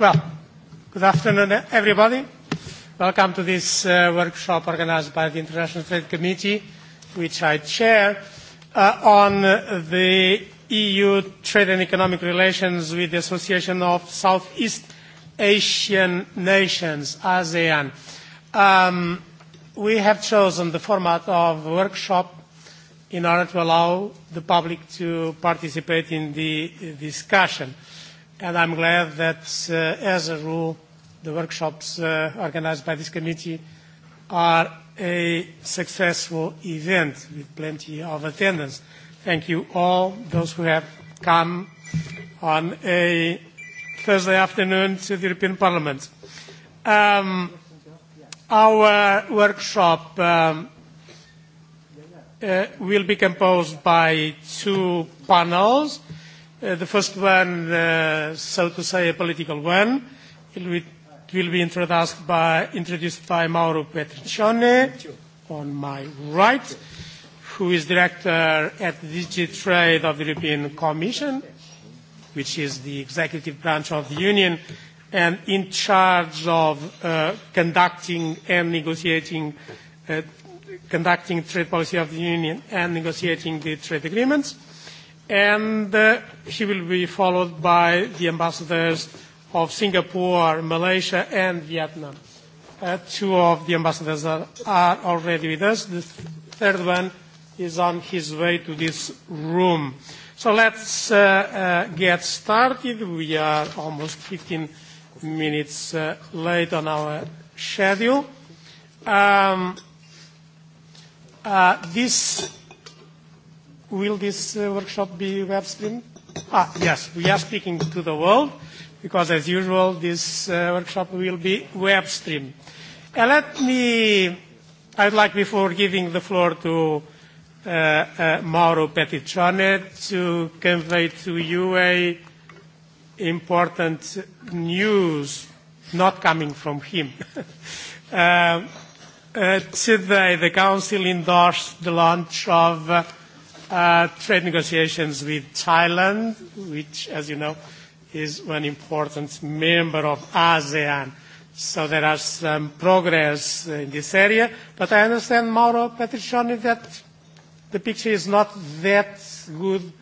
Well, good afternoon, everybody. Welcome to this workshop organized by the International Trade Committee, which I chair, on the EU trade and economic relations with the Association of Southeast Asian Nations, ASEAN. We have chosen the format of workshop in order to allow the public to participate in the discussion and I'm glad that, as a rule, the workshops organized by this committee are a successful event with plenty of attendance. Thank you all, those who have come on a Thursday afternoon to the European Parliament. Our workshop will be composed by two panels. The first one, so to say, a political one. It will be introduced by introduced by Mauro Petricione, on my right, who is director at the Trade of the European Commission, which is the executive branch of the Union, and in charge of conducting and negotiating conducting trade policy of the Union and negotiating the trade agreements and he will be followed by the ambassadors of Singapore, Malaysia, and Vietnam. Two of the ambassadors are already with us. The third one is on his way to this room. So let's get started. We are almost 15 minutes late on our schedule. This Will this workshop be web streamed? Ah, yes, we are speaking to the world because, as usual, this workshop will be web streamed. Let me, I'd like, before giving the floor to Mauro Petitione, to convey to you a important news, not coming from him. Today, the Council endorsed the launch of trade negotiations with Thailand, which, as you know, is an important member of ASEAN. So there are some progress in this area. But I understand, Mauro Petriccioni, that the picture is not that good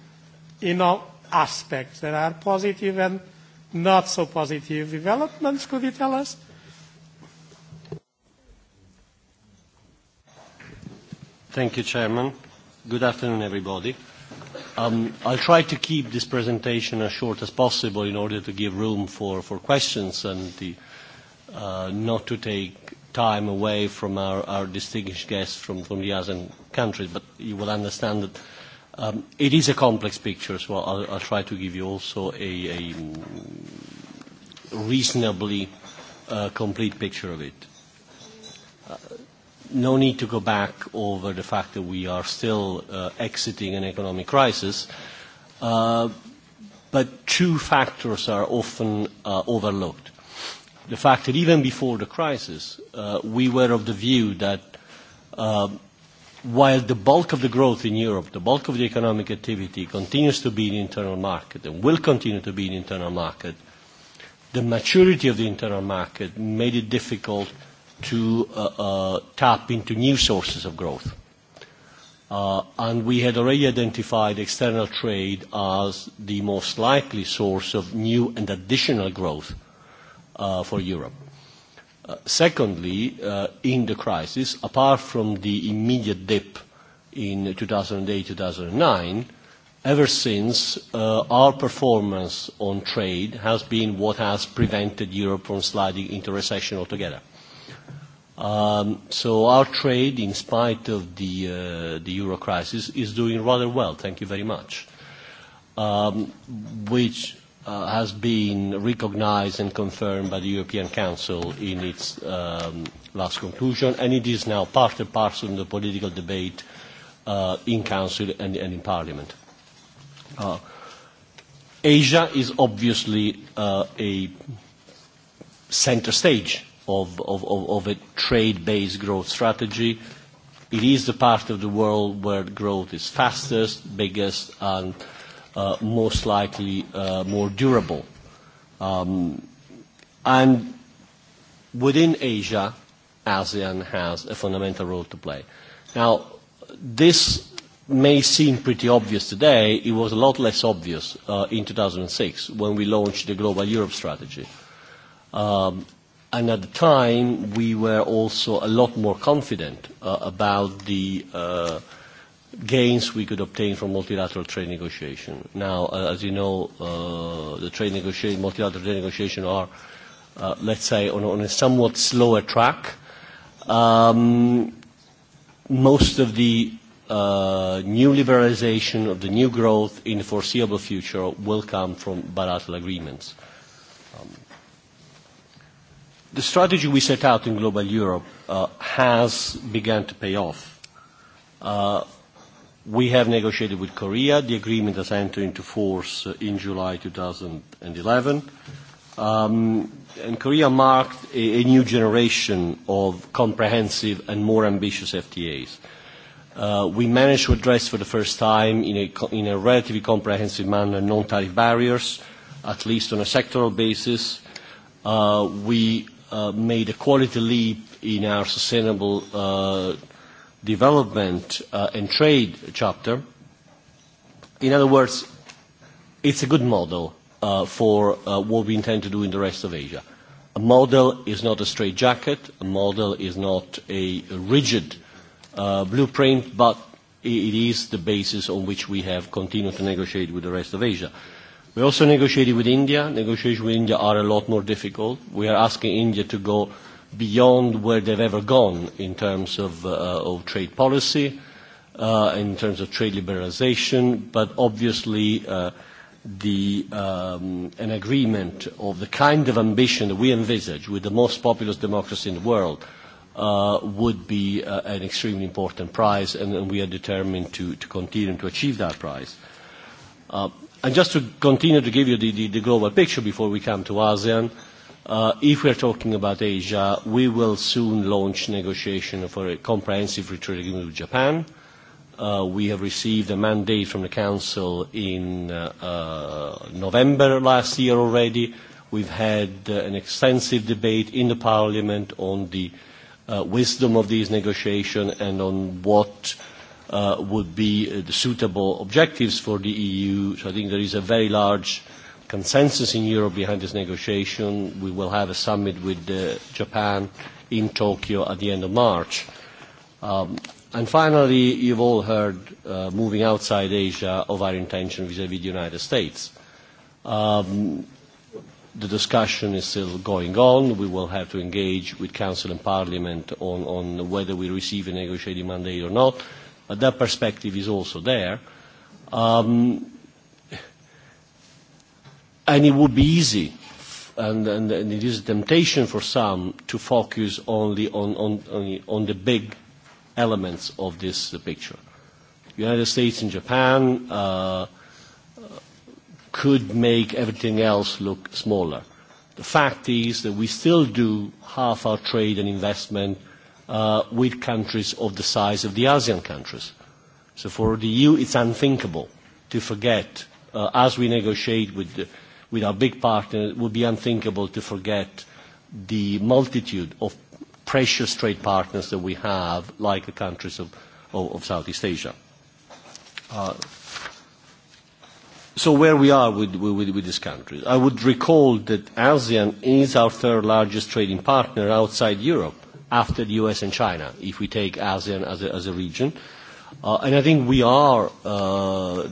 in all aspects. There are positive and not so positive developments. Could you tell us? Thank you, Chairman. Good afternoon, everybody. I'll try to keep this presentation as short as possible in order to give room for questions and not to take time away from our distinguished guests from the ASEAN countries. But you will understand that it is a complex picture, so I'll try to give you also a reasonably complete picture of it no need to go back over the fact that we are still exiting an economic crisis, but two factors are often overlooked. The fact that even before the crisis, we were of the view that while the bulk of the growth in Europe, the bulk of the economic activity continues to be in the internal market and will continue to be in the internal market, the maturity of the internal market made it difficult to tap into new sources of growth. And we had already identified external trade as the most likely source of new and additional growth for Europe. Secondly, in the crisis, apart from the immediate dip in 2008-2009, ever since our performance on trade has been what has prevented Europe from sliding into recession altogether. So our trade, in spite of the euro crisis, is doing rather well, thank you very much, which has been recognized and confirmed by the European Council in its last conclusion, and it is now part and parcel of the political debate in Council and in Parliament. Asia is obviously a center stage of a trade-based growth strategy. It is the part of the world where growth is fastest, biggest, and most likely more durable. And within Asia, ASEAN has a fundamental role to play. Now, this may seem pretty obvious today. It was a lot less obvious in 2006 when we launched the Global Europe Strategy. And at the time, we were also a lot more confident about the gains we could obtain from multilateral trade negotiation. Now, as you know, the trade negotiation, multilateral trade negotiation are, let's say, on a somewhat slower track. Most of the new liberalization of the new growth in the foreseeable future will come from bilateral agreements. The strategy we set out in Global Europe has begun to pay off. We have negotiated with Korea the agreement has entered into force in July 2011, and Korea marked a new generation of comprehensive and more ambitious FTAs. We managed to address for the first time in a relatively comprehensive manner non-tariff barriers, at least on a sectoral basis. We made a quality leap in our sustainable development and trade chapter. In other words, it's a good model for what we intend to do in the rest of Asia. A model is not a straitjacket, a model is not a rigid blueprint, but it is the basis on which we have continued to negotiate with the rest of Asia. We also negotiated with India. Negotiations with India are a lot more difficult. We are asking India to go beyond where they've ever gone in terms of, trade policy, in terms of trade liberalization, but obviously the, an agreement of the kind of ambition that we envisage with the most populous democracy in the world would be an extremely important prize, and, we are determined to, to continue to achieve that prize just to continue to give you the global picture before we come to ASEAN, if we are talking about Asia, we will soon launch negotiation for a comprehensive retreat agreement with Japan. We have received a mandate from the Council in November last year already. We've had an extensive debate in the Parliament on the wisdom of these negotiations and on what would be the suitable objectives for the EU. So I think there is a very large consensus in Europe behind this negotiation. We will have a summit with Japan in Tokyo at the end of March. And finally, you've all heard, moving outside Asia, of our intention vis-à-vis the United States. The discussion is still going on. We will have to engage with Council and Parliament on whether we receive a negotiating mandate or not but that perspective is also there. And it would be easy, and it is a temptation for some, to focus only on the big elements of this picture. The United States and Japan could make everything else look smaller. The fact is that we still do half our trade and investment with countries of the size of the ASEAN countries. So for the EU, it's unthinkable to forget, as we negotiate with our big partners, it would be unthinkable to forget the multitude of precious trade partners that we have, like the countries of Southeast Asia. So where we are with these countries. I would recall that ASEAN is our third largest trading partner outside Europe after the US and China, if we take ASEAN as a, region. and I think we are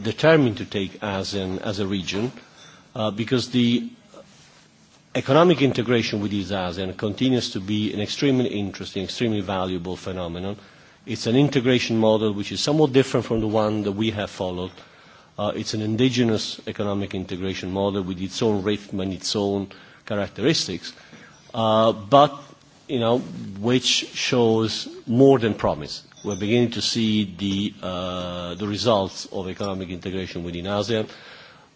determined to take ASEAN as a region because the economic integration with East ASEAN continues to be an extremely interesting, extremely valuable phenomenon. It's an integration model which is somewhat different from the one that we have followed. It's an indigenous economic integration model with its own rhythm and its own characteristics. But you know, which shows more than promise. We're beginning to see the, the results of economic integration within ASEAN,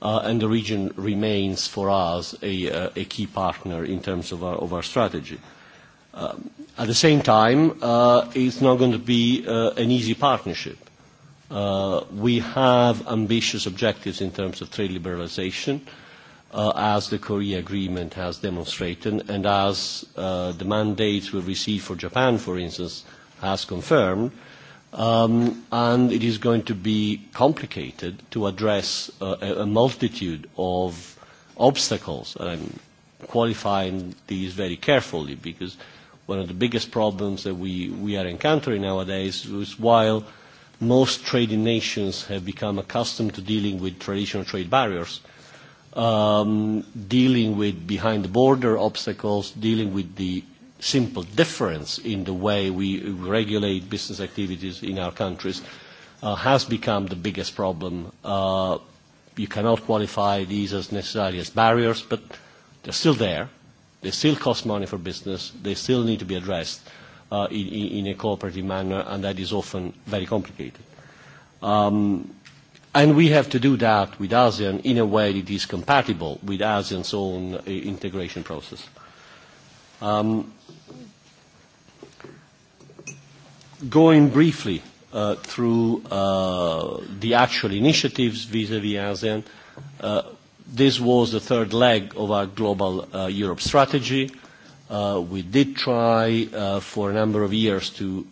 and the region remains for us a, a key partner in terms of our, of our strategy. At the same time, it's not going to be an easy partnership. We have ambitious objectives in terms of trade liberalization as the Korea agreement has demonstrated and as the mandates we received for Japan, for instance, has confirmed. And it is going to be complicated to address a multitude of obstacles. I'm qualifying these very carefully because one of the biggest problems that we are encountering nowadays is while most trading nations have become accustomed to dealing with traditional trade barriers, dealing with behind-the-border obstacles, dealing with the simple difference in the way we regulate business activities in our countries, has become the biggest problem. You cannot qualify these as necessarily as barriers, but they're still there. They still cost money for business. They still need to be addressed in a cooperative manner, and that is often very complicated. And we have to do that with ASEAN in a way that is compatible with ASEAN's own integration process. Going briefly through the actual initiatives vis-à-vis ASEAN, this was the third leg of our global Europe strategy. We did try for a number of years to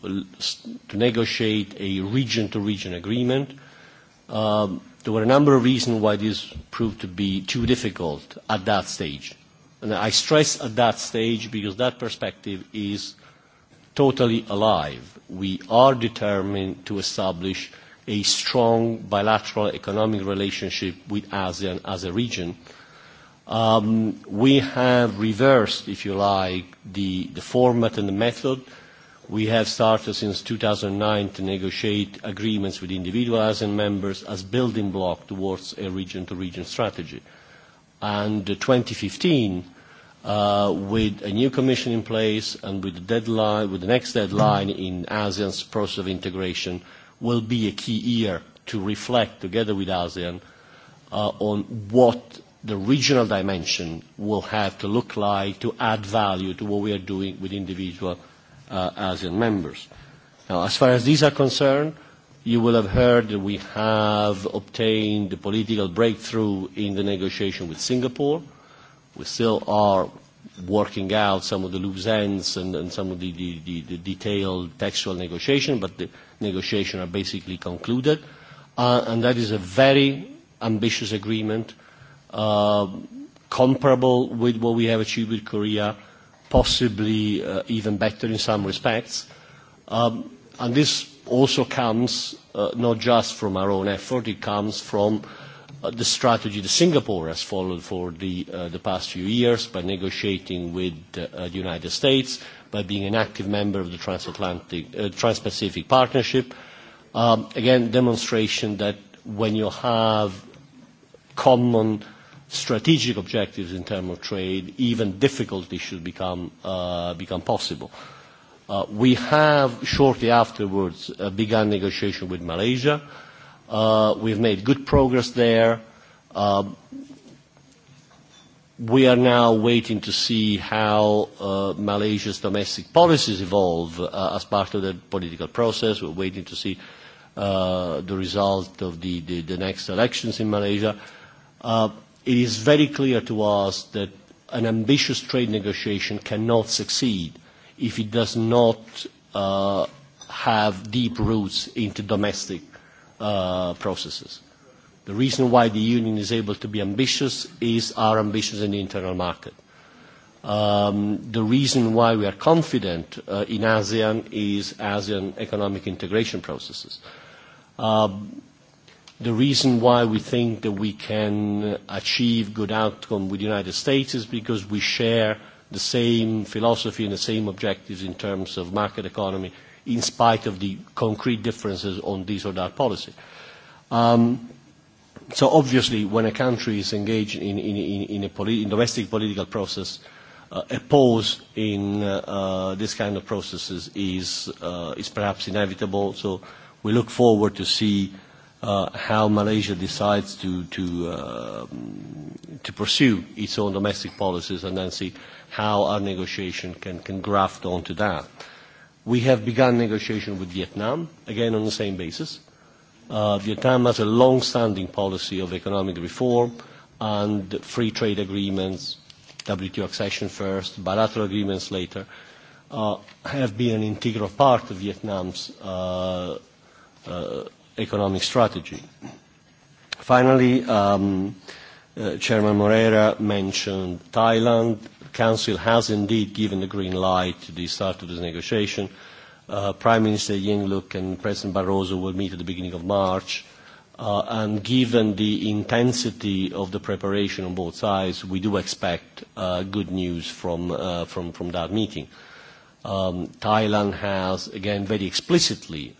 negotiate a region-to-region agreement There were a number of reasons why this proved to be too difficult at that stage. And I stress at that stage because that perspective is totally alive. We are determined to establish a strong bilateral economic relationship with ASEAN as a region. We have reversed, if you like, the format and the method We have started since 2009 to negotiate agreements with individual ASEAN members as building block towards a region-to-region strategy. And 2015, with a new commission in place and with the next deadline in ASEAN's process of integration, will be a key year to reflect together with ASEAN on what the regional dimension will have to look like to add value to what we are doing with individual in members. Now, as far as these are concerned, you will have heard that we have obtained a political breakthrough in the negotiation with Singapore. We still are working out some of the loose ends and some of the detailed textual negotiation, but the negotiations are basically concluded. And that is a very ambitious agreement, comparable with what we have achieved with Korea possibly even better in some respects. And this also comes not just from our own effort, it comes from the strategy that Singapore has followed for the past few years by negotiating with the United States, by being an active member of the Transatlantic Trans-Pacific Partnership. Again, demonstration that when you have common strategic objectives in terms of trade, even difficult should become possible. We have, shortly afterwards, begun negotiation with Malaysia. We've made good progress there. We are now waiting to see how Malaysia's domestic policies evolve as part of the political process. We're waiting to see the result of the next elections in Malaysia it is very clear to us that an ambitious trade negotiation cannot succeed if it does not have deep roots into domestic processes. The reason why the Union is able to be ambitious is our ambitions in the internal market. The reason why we are confident in ASEAN is ASEAN economic integration processes. The reason why we think that we can achieve good outcome with the United States is because we share the same philosophy and the same objectives in terms of market economy, in spite of the concrete differences on this or that policy. So obviously, when a country is engaged in a domestic political process, a pause in this kind of processes is perhaps inevitable. So we look forward to see how Malaysia decides to to to pursue its own domestic policies and then see how our negotiation can can graft onto that. We have begun negotiation with Vietnam, again on the same basis. Vietnam has a long-standing policy of economic reform and free trade agreements, WTO accession first, bilateral agreements later, have been an integral part of Vietnam's economic strategy. Finally, Chairman Moreira mentioned Thailand. The Council has indeed given the green light to the start of this negotiation. Prime Minister Yingluck and President Barroso will meet at the beginning of March. And given the intensity of the preparation on both sides, we do expect good news from that meeting. Thailand has, again, very explicitly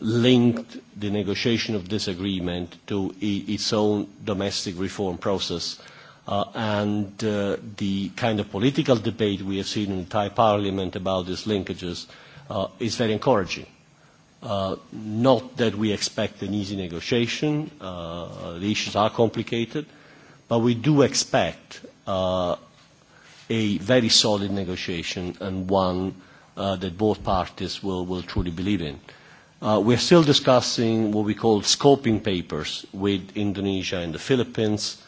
linked the negotiation of this agreement to its own domestic reform process and the kind of political debate we have seen in the Thai parliament about these linkages is very encouraging. Not that we expect an easy negotiation, the issues are complicated, but we do expect a very solid negotiation and one that both parties will truly believe in. We are still discussing what we call scoping papers with Indonesia and the Philippines.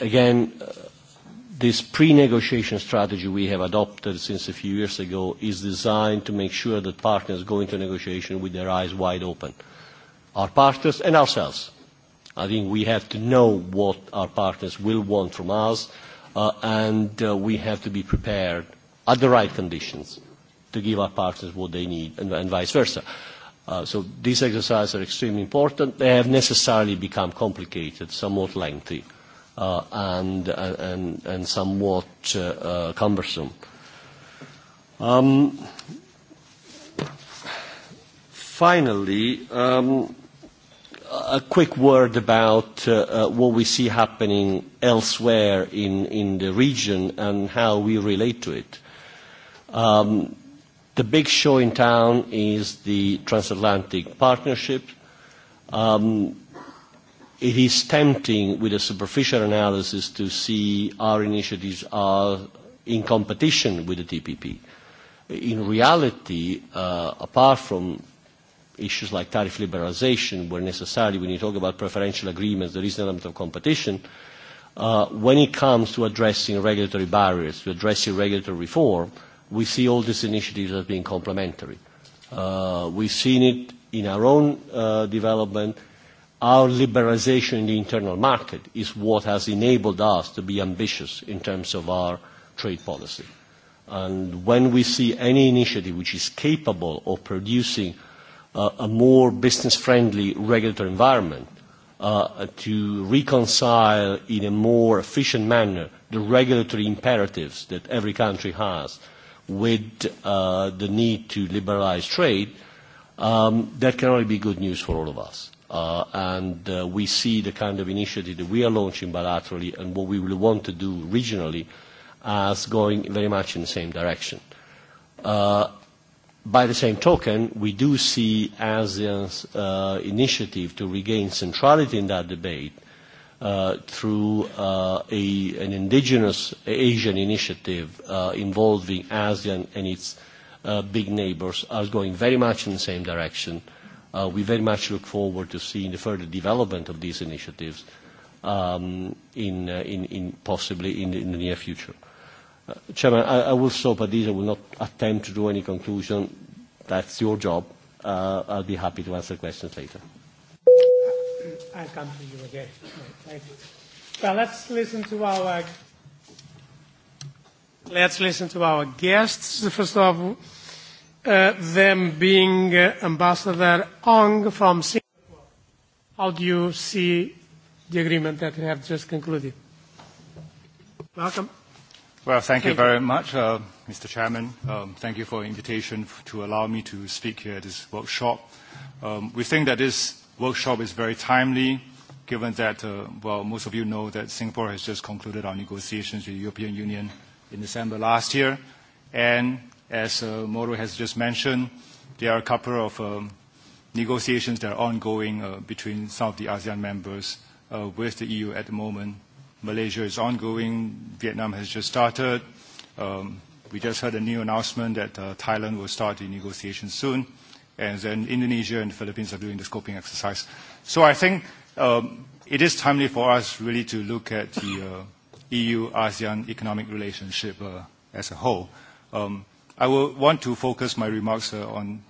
Again, this pre-negotiation strategy we have adopted since a few years ago is designed to make sure that partners go into negotiation with their eyes wide open, our partners and ourselves. I think we have to know what our partners will want from us, and we have to be prepared at the right conditions to give our partners what they need and vice versa. So these exercises are extremely important. They have necessarily become complicated, somewhat lengthy, and somewhat cumbersome. Finally, a quick word about what we see happening elsewhere in the region and how we relate to it. The big show in town is the transatlantic partnership. It is tempting with a superficial analysis to see our initiatives are in competition with the TPP. In reality, apart from issues like tariff liberalization, where necessarily when you talk about preferential agreements, there is an element of competition, when it comes to addressing regulatory barriers, to addressing regulatory reform, we see all these initiatives as being complementary. We've seen it in our own development. Our liberalisation in the internal market is what has enabled us to be ambitious in terms of our trade policy. And when we see any initiative which is capable of producing a more business-friendly regulatory environment, to reconcile in a more efficient manner the regulatory imperatives that every country has with the need to liberalize trade, that can only be good news for all of us. And we see the kind of initiative that we are launching bilaterally and what we will want to do regionally as going very much in the same direction. By the same token, we do see ASEAN's initiative to regain centrality in that debate through an indigenous Asian initiative involving ASEAN and its big neighbors are going very much in the same direction. We very much look forward to seeing the further development of these initiatives in possibly in the near future. Chairman, I will stop at this. I will not attempt to draw any conclusion. That's your job. I'll be happy to answer questions later. I come to you again. Well, let's listen to our let's listen to our guests. First of all, them being Ambassador Ong from Singapore. How do you see the agreement that we have just concluded? Welcome. Well, thank you very much, Mr. Chairman. Um Thank you for the invitation to allow me to speak here at this workshop. Um We think that this workshop is very timely, given that, well, most of you know that Singapore has just concluded our negotiations with the European Union in December last year. And as Moro has just mentioned, there are a couple of negotiations that are ongoing between some of the ASEAN members with the EU at the moment. Malaysia is ongoing. Vietnam has just started. We just heard a new announcement that Thailand will start the negotiations soon and then Indonesia and the Philippines are doing the scoping exercise. So I think it is timely for us really to look at the EU-ASEAN economic relationship as a whole. I will want to focus my remarks on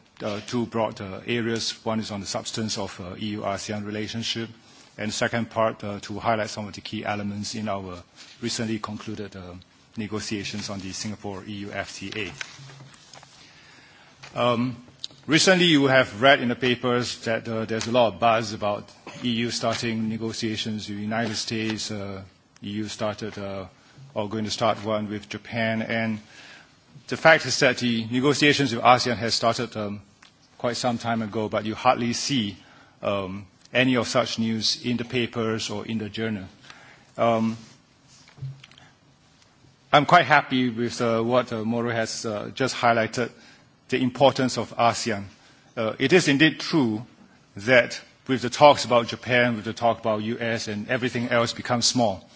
two broad areas. One is on the substance of EU-ASEAN relationship, and the second part to highlight some of the key elements in our recently concluded negotiations on the Singapore-EU FTA. Recently, you have read in the papers that there's a lot of buzz about EU starting negotiations with the United States. EU started or going to start one with Japan. And the fact is that the negotiations with ASEAN has started quite some time ago, but you hardly see any of such news in the papers or in the journal. I'm quite happy with what Moro has just highlighted the importance of ASEAN. It is indeed true that with the talks about Japan, with the talk about US and everything else becomes small.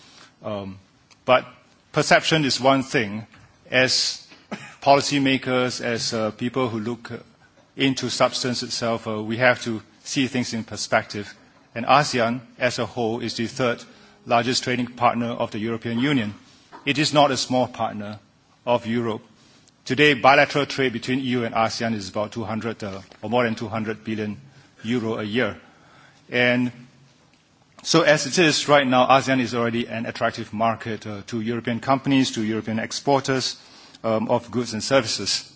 But perception is one thing. As policymakers, as people who look into substance itself, we have to see things in perspective. And ASEAN as a whole is the third largest trading partner of the European Union. It is not a small partner of Europe. Today, bilateral trade between EU and ASEAN is about 200 or more than 200 billion euro a year. And so as it is right now, ASEAN is already an attractive market to European companies, to European exporters of goods and services.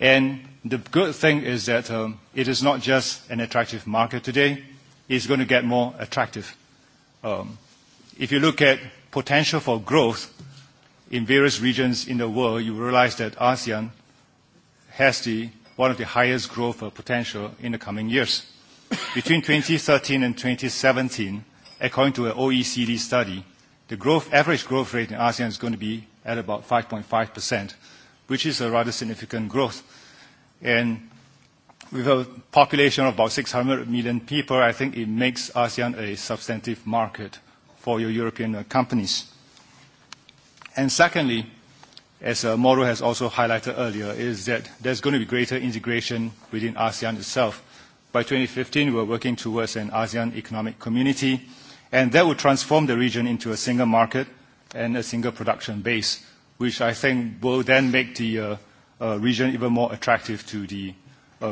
And the good thing is that it is not just an attractive market today. It's going to get more attractive. If you look at potential for growth, in various regions in the world, you realize that ASEAN has one of the highest growth potential in the coming years. Between 2013 and 2017, according to an OECD study, the growth average growth rate in ASEAN is going to be at about 5.5%, which is a rather significant growth. And with a population of about 600 million people, I think it makes ASEAN a substantive market for your European companies. And secondly, as Mauro has also highlighted earlier, is that there's going to be greater integration within ASEAN itself. By 2015, we're working towards an ASEAN economic community, and that will transform the region into a single market and a single production base, which I think will then make the region even more attractive to the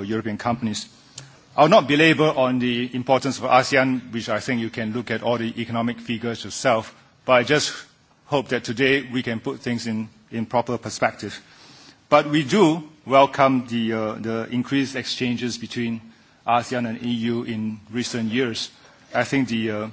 European companies. I'll not belabor on the importance of ASEAN, which I think you can look at all the economic figures yourself, but I just hope that today we can put things in in proper perspective. But we do welcome the increased exchanges between ASEAN and EU in recent years. I think the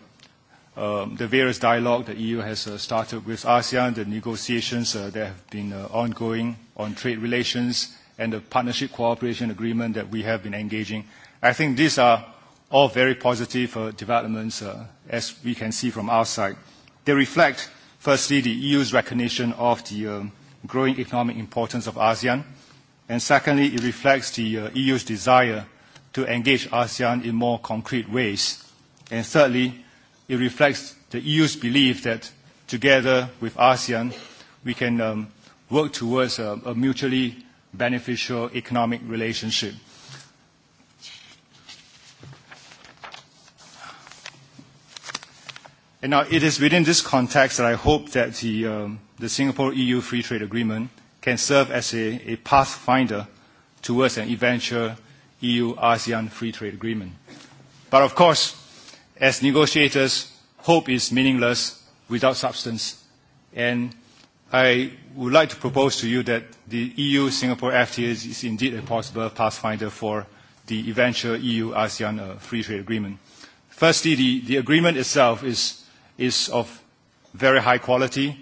various dialogue the EU has started with ASEAN, the negotiations that have been ongoing on trade relations and the partnership cooperation agreement that we have been engaging. I think these are all very positive developments as we can see from our side. They reflect Firstly, the EU's recognition of the growing economic importance of ASEAN, and secondly, it reflects the EU's desire to engage ASEAN in more concrete ways, and thirdly, it reflects the EU's belief that together with ASEAN, we can work towards a mutually beneficial economic relationship. And now it is within this context that I hope that the Singapore-EU Free Trade Agreement can serve as a pathfinder towards an eventual EU-ASEAN Free Trade Agreement. But of course, as negotiators, hope is meaningless without substance. And I would like to propose to you that the EU-Singapore FTA is indeed a possible pathfinder for the eventual EU-ASEAN Free Trade Agreement. Firstly, the agreement itself is is of very high quality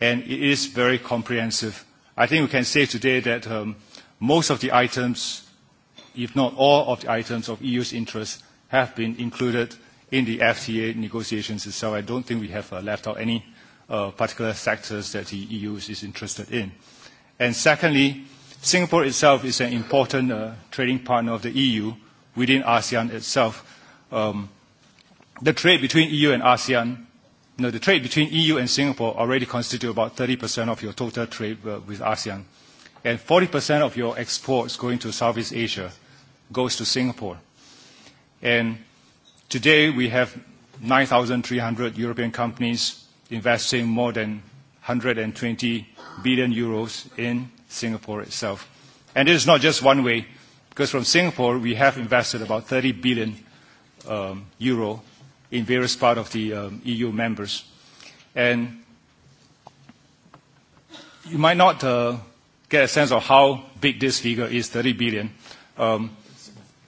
and it is very comprehensive. I think we can say today that most of the items, if not all of the items of EU's interest, have been included in the FTA negotiations itself. I don't think we have left out any particular sectors that the EU is interested in. And secondly, Singapore itself is an important trading partner of the EU within ASEAN itself the trade between EU and ASEAN, the trade between EU and Singapore already constitutes about 30% of your total trade with ASEAN. And 40% of your exports going to Southeast Asia goes to Singapore. And today we have 9,300 European companies investing more than 120 billion euros in Singapore itself. And it is not just one way, because from Singapore we have invested about 30 billion euro in various parts of the EU members. And you might not get a sense of how big this figure is, 30 billion.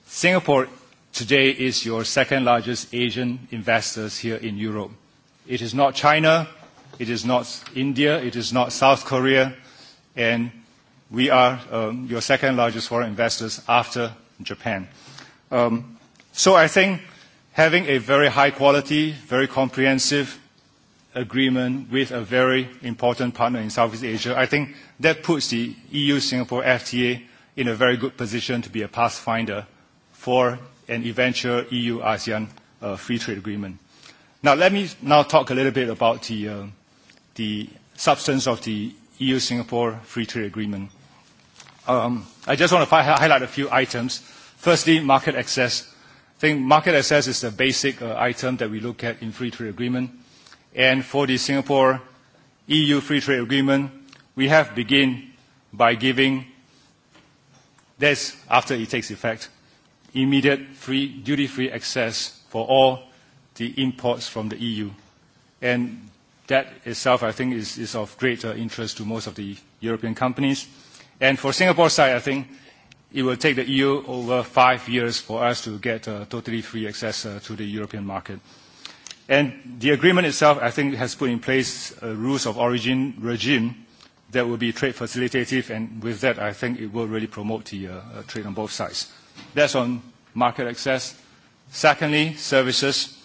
Singapore today is your second largest Asian investors here in Europe. It is not China, it is not India, it is not South Korea, and we are your second largest foreign investors after Japan. So I think having a very high quality, very comprehensive agreement with a very important partner in Southeast Asia, I think that puts the EU-Singapore FTA in a very good position to be a pathfinder for an eventual EU-ASEAN free trade agreement. Now, let me now talk a little bit about the substance of the EU-Singapore free trade agreement. I just want to highlight a few items. Firstly, market access think market access is the basic item that we look at in free trade agreement. And for the Singapore EU free trade agreement, we have begin by giving, this after it takes effect, immediate free, duty-free access for all the imports from the EU. And that itself, I think, is of great interest to most of the European companies. And for Singapore side, I think it will take the EU over five years for us to get totally free access to the European market. And the agreement itself, I think, has put in place a rules of origin regime that will be trade facilitative, and with that, I think it will really promote the trade on both sides. That's on market access. Secondly, services.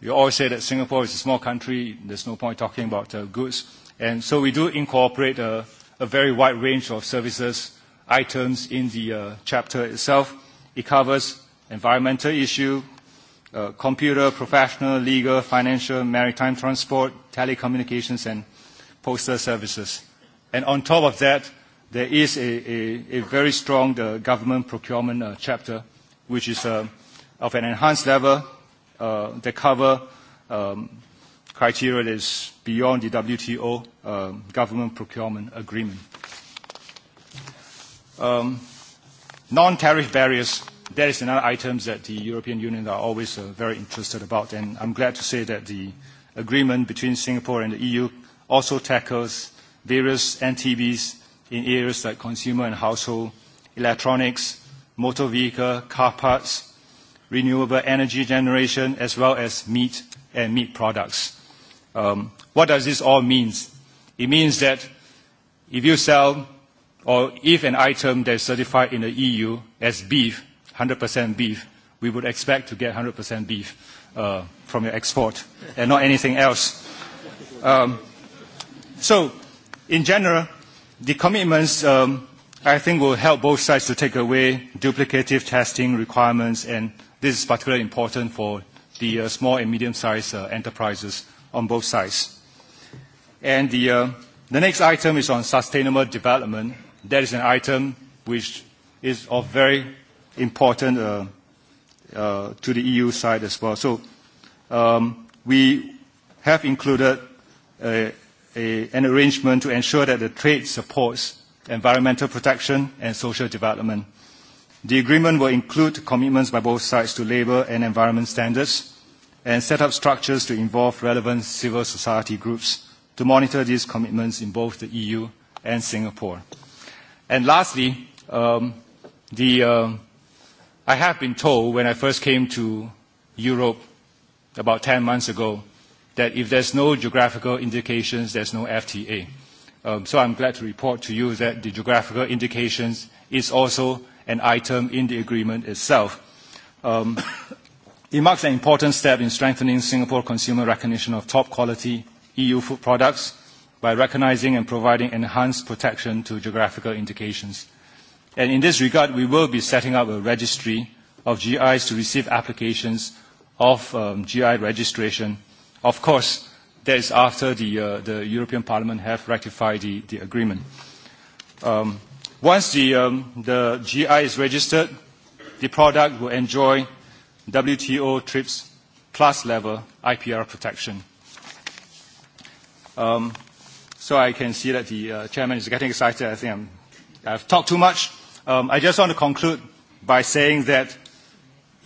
You always say that Singapore is a small country. There's no point talking about goods. And so we do incorporate a very wide range of services items in the chapter itself. It covers environmental issue, computer, professional, legal, financial, maritime transport, telecommunications, and postal services. And on top of that, there is a very strong government procurement chapter, which is of an enhanced level that cover criteria that is beyond the WTO government procurement agreement. Non-tariff barriers, that is another item that the European Union are always very interested about, and I'm glad to say that the agreement between Singapore and the EU also tackles various NTBs in areas like consumer and household, electronics, motor vehicle, car parts, renewable energy generation, as well as meat and meat products. What does this all mean? It means that if you sell or if an item that is certified in the EU as beef, 100% beef, we would expect to get 100% beef from your export and not anything else. So, in general, the commitments, I think, will help both sides to take away duplicative testing requirements, and this is particularly important for the small and medium-sized enterprises on both sides. And the next item is on sustainable development that is an item which is of very important to the EU side as well. So we have included an arrangement to ensure that the trade supports environmental protection and social development. The agreement will include commitments by both sides to labour and environment standards and set up structures to involve relevant civil society groups to monitor these commitments in both the EU and Singapore. And lastly, I have been told when I first came to Europe about 10 months ago that if there's no geographical indications, there's no FTA. So I'm glad to report to you that the geographical indications is also an item in the agreement itself. It marks an important step in strengthening Singapore consumer recognition of top-quality EU food products by recognising and providing enhanced protection to geographical indications. And in this regard, we will be setting up a registry of GIs to receive applications of GI registration. Of course, that is after the European Parliament have ratified the agreement. Once the GI is registered, the product will enjoy WTO TRIPS plus level IPR protection. So I can see that the chairman is getting excited. I think I've talked too much. I just want to conclude by saying that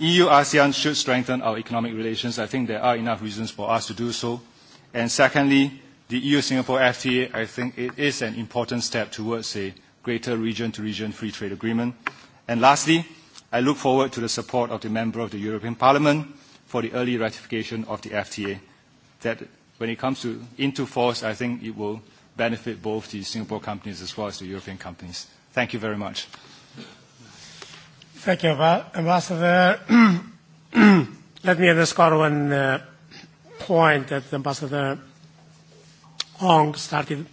EU-ASEAN should strengthen our economic relations. I think there are enough reasons for us to do so. And secondly, the EU-Singapore FTA, I think it is an important step towards a greater region-to-region free trade agreement. And lastly, I look forward to the support of the member of the European Parliament for the early ratification of the FTA. That when it comes to into force, I think it will benefit both the Singapore companies as well as the European companies. Thank you very much. Thank you, Ambassador. Let me underscore one point that Ambassador Hong started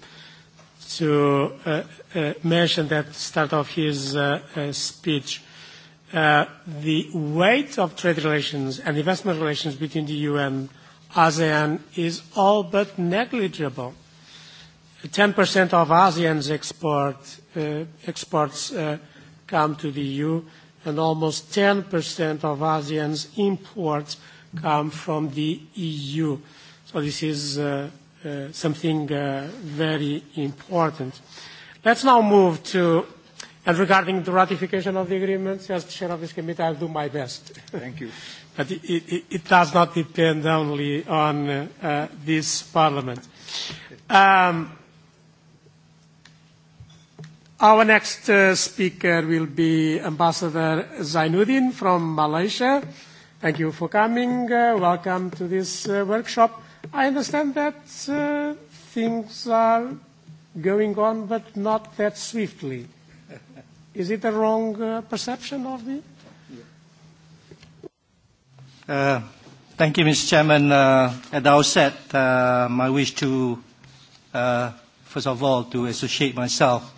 to mention at the start of his speech. The weight of trade relations and investment relations between the UN ASEAN is all but negligible. 10% of ASEAN's exports come to the EU, and almost 10% of ASEAN's imports come from the EU. So this is something very important. Let's now move to, and regarding the ratification of the agreements, as chair of this committee, I'll do my best. Thank you. But it does not depend only on this Parliament. Our next speaker will be Ambassador Zainuddin from Malaysia. Thank you for coming. Welcome to this workshop. I understand that things are going on, but not that swiftly. Is it a wrong perception of the? Thank you, Mr. Chairman. At the outset, my wish to, first of all, to associate myself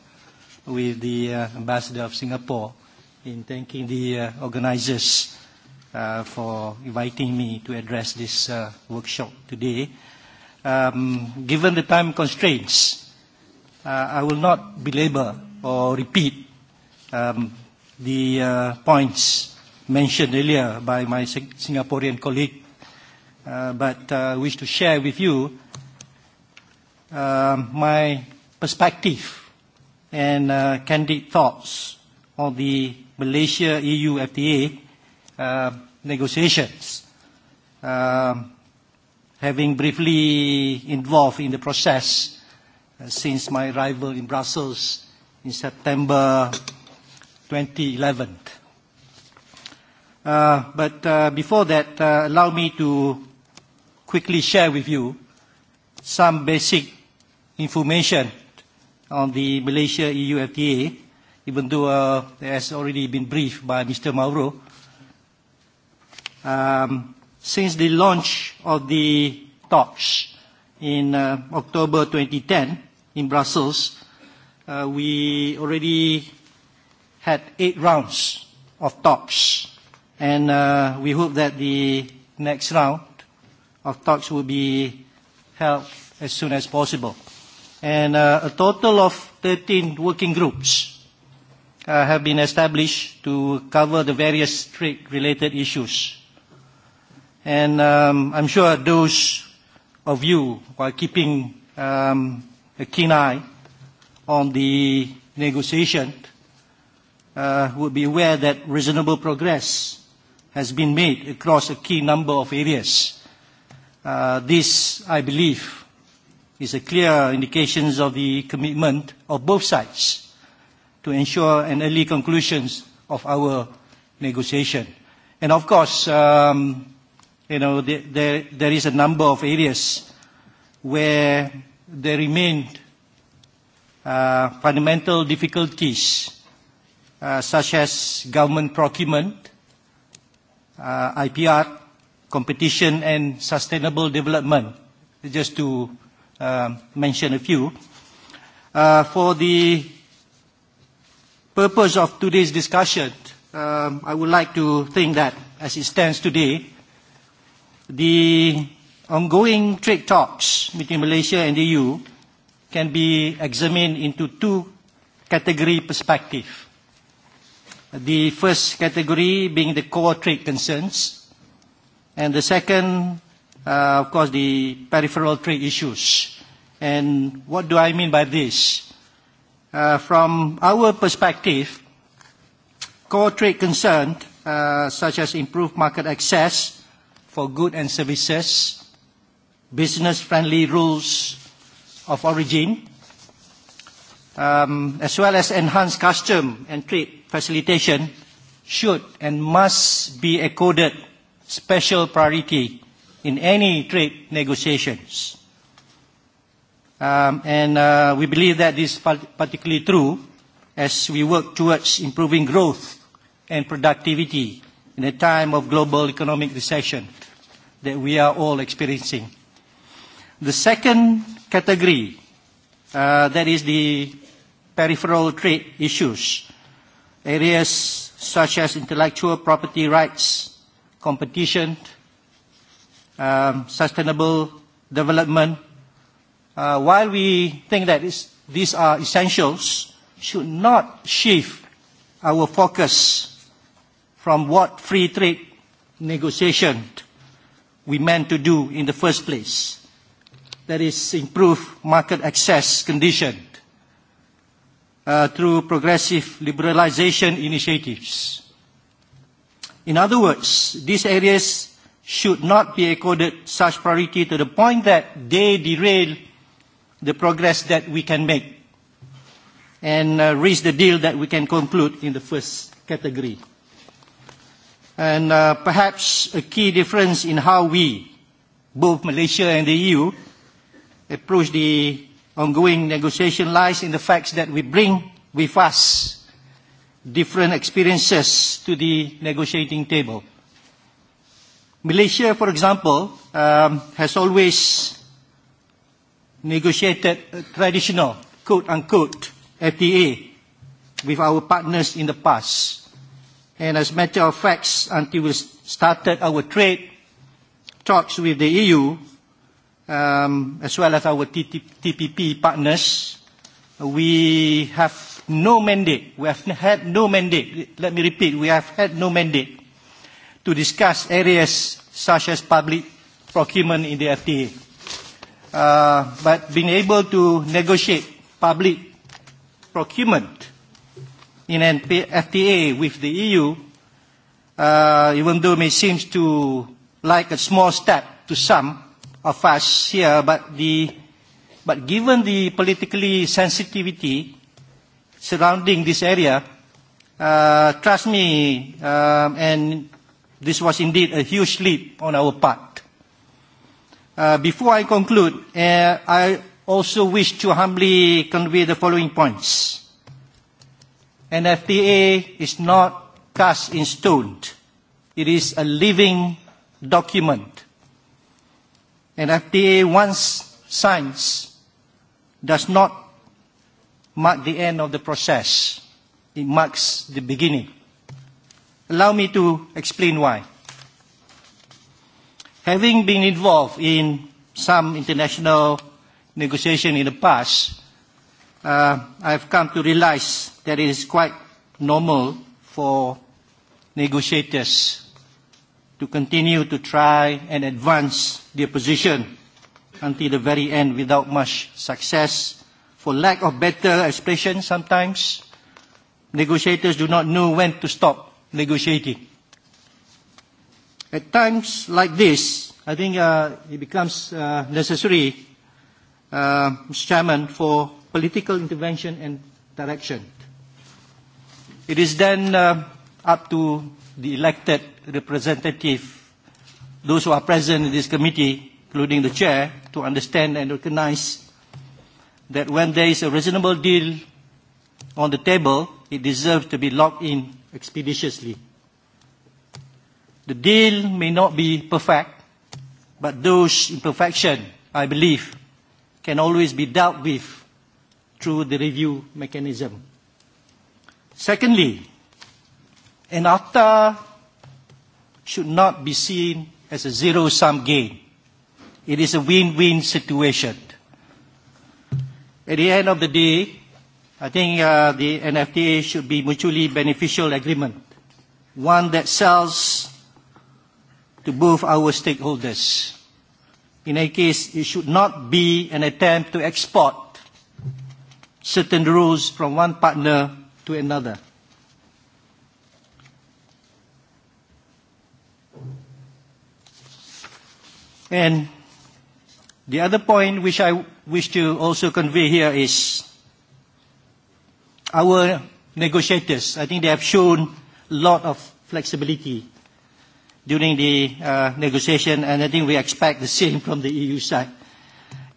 with the Ambassador of Singapore in thanking the organizers for inviting me to address this workshop today. Given the time constraints, I will not belabor or repeat the points mentioned earlier by my Singaporean colleague, but I wish to share with you my perspective and candid thoughts on the Malaysia-EU FTA negotiations, having briefly involved in the process since my arrival in Brussels in September 2011. But before that, allow me to quickly share with you some basic information on the Malaysia-EU FTA, even though it has already been briefed by Mr. Mauro. Since the launch of the talks in October 2010 in Brussels, we already had eight rounds of talks and we hope that the next round of talks will be held as soon as possible. And a total of 13 working groups have been established to cover the various trade-related issues. And I'm sure those of you who are keeping a keen eye on the negotiation would be aware that reasonable progress has been made across a key number of areas. This, I believe, is a clear indication of the commitment of both sides to ensure an early conclusion of our negotiation. And of course, you know, there is a number of areas where there remain fundamental difficulties, such as government procurement, IPR, competition and sustainable development, just to mention a few. For the purpose of today's discussion, I would like to think that, as it stands today, the ongoing trade talks between Malaysia and the EU can be examined into two category perspectives the first category being the core trade concerns, and the second, of course, the peripheral trade issues. And what do I mean by this? From our perspective, core trade concerns such as improved market access for goods and services, business-friendly rules of origin, as well as enhanced custom and trade facilitation should and must be accorded special priority in any trade negotiations. And we believe that this is particularly true as we work towards improving growth and productivity in a time of global economic recession that we are all experiencing. The second category, that is the peripheral trade issues, areas such as intellectual property rights, competition, sustainable development. While we think that these are essentials, should not shift our focus from what free trade negotiation we meant to do in the first place, that is improve market access conditions through progressive liberalisation initiatives. In other words, these areas should not be accorded such priority to the point that they derail the progress that we can make and reach the deal that we can conclude in the first category. And perhaps a key difference in how we, both Malaysia and the EU, approach the ongoing negotiation lies in the fact that we bring with us different experiences to the negotiating table. Malaysia, for example, has always negotiated traditional, quote-unquote, FTA with our partners in the past. And as a matter of fact, until we started our trade talks with the EU, as well as our TPP partners, we have no mandate, we have had no mandate, let me repeat, we have had no mandate to discuss areas such as public procurement in the FTA. But being able to negotiate public procurement in an FTA with the EU, even though it may seem to like a small step to some, of us here, but the but given the politically sensitivity surrounding this area, trust me, and this was indeed a huge leap on our part. before I conclude, I also wish to humbly convey the following points. An FTA is not cast in stone. It is a living document And FDA once signs does not mark the end of the process. It marks the beginning. Allow me to explain why. Having been involved in some international negotiation in the past, I have come to realize that it is quite normal for negotiators to continue to try and advance their position until the very end without much success. For lack of better expression sometimes, negotiators do not know when to stop negotiating. At times like this, I think it becomes necessary, Mr. Chairman, for political intervention and direction. It is then up to the elected representative, those who are present in this committee, including the chair, to understand and recognize that when there is a reasonable deal on the table, it deserves to be locked in expeditiously. The deal may not be perfect, but those imperfections, I believe, can always be dealt with through the review mechanism. Secondly, an acta should not be seen as a zero-sum game. It is a win-win situation. At the end of the day, I think the NFTA should be mutually beneficial agreement, one that sells to both our stakeholders. In any case, it should not be an attempt to export certain rules from one partner to another. And the other point which I wish to also convey here is our negotiators. I think they have shown a lot of flexibility during the negotiation, and I think we expect the same from the EU side.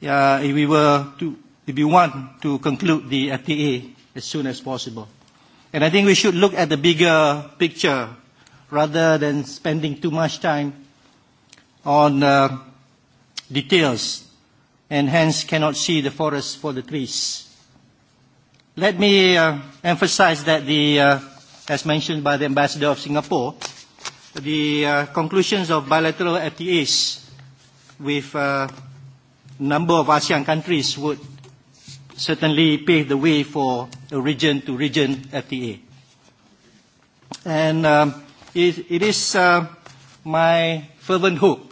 If we were to, if we want to conclude the FTA as soon as possible, and I think we should look at the bigger picture rather than spending too much time on details and hence cannot see the forest for the trees. Let me emphasize that the, as mentioned by the Ambassador of Singapore, the conclusions of bilateral FTAs with a number of ASEAN countries would certainly pave the way for a region-to-region FTA. And it is my fervent hope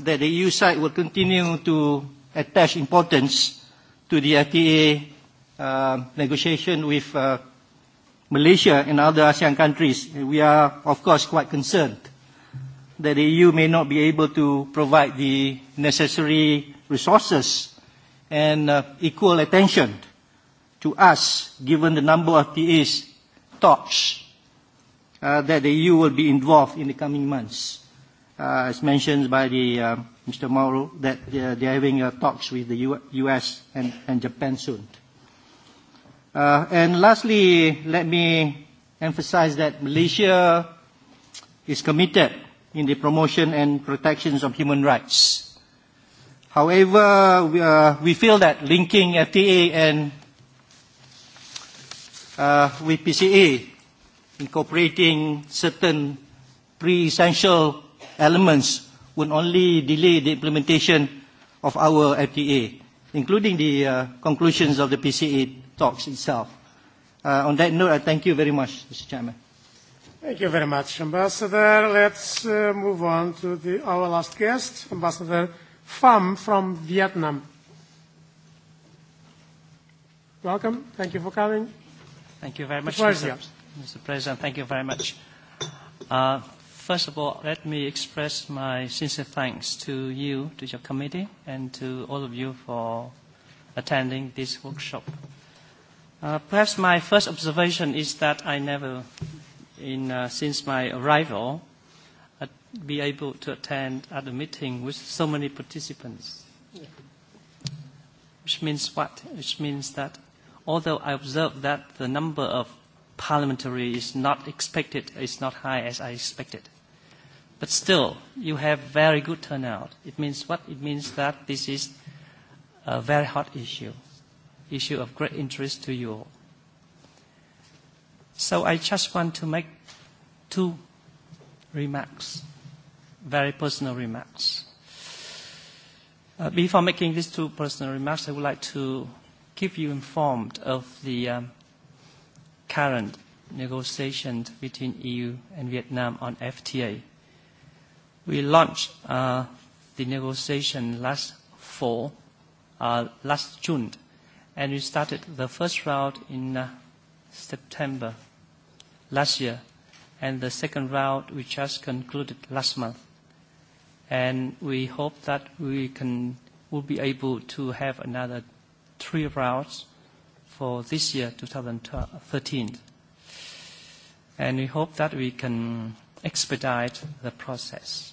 that the EU side will continue to attach importance to the FTA negotiation with Malaysia and other ASEAN countries. We are, of course, quite concerned that the EU may not be able to provide the necessary resources and equal attention to us, given the number of TAs talks that the EU will be involved in the coming months as mentioned by the Mr. Mauro, that are having talks with the U.S. and Japan soon. And lastly, let me emphasize that Malaysia is committed in the promotion and protections of human rights. However, we feel that linking FTA and with PCA, incorporating certain pre-essential elements would only delay the implementation of our FTA, including the conclusions of the PCA talks itself. On that note, I thank you very much, Mr. Chairman. Thank you very much, Ambassador. Let's move on to the our last guest, Ambassador Pham from Vietnam. Welcome. Thank you for coming. Thank you very much, Mr. President. Thank you very much. First of all, let me express my sincere thanks to you, to your committee, and to all of you for attending this workshop. Perhaps my first observation is that I never, in since my arrival, be able to attend at a meeting with so many participants. Which means what? Which means that although I observe that the number of parliamentary is not expected, is not high as I expected. But still, you have very good turnout. It means what? It means that this is a very hot issue, issue of great interest to you all. So I just want to make two remarks, very personal remarks. Before making these two personal remarks, I would like to keep you informed of the current negotiations between EU and Vietnam on FTA. We launched the negotiation last fall, last June, and we started the first round in September last year, and the second round we just concluded last month. And we hope that we can will be able to have another three rounds for this year, 2013. And we hope that we can expedite the process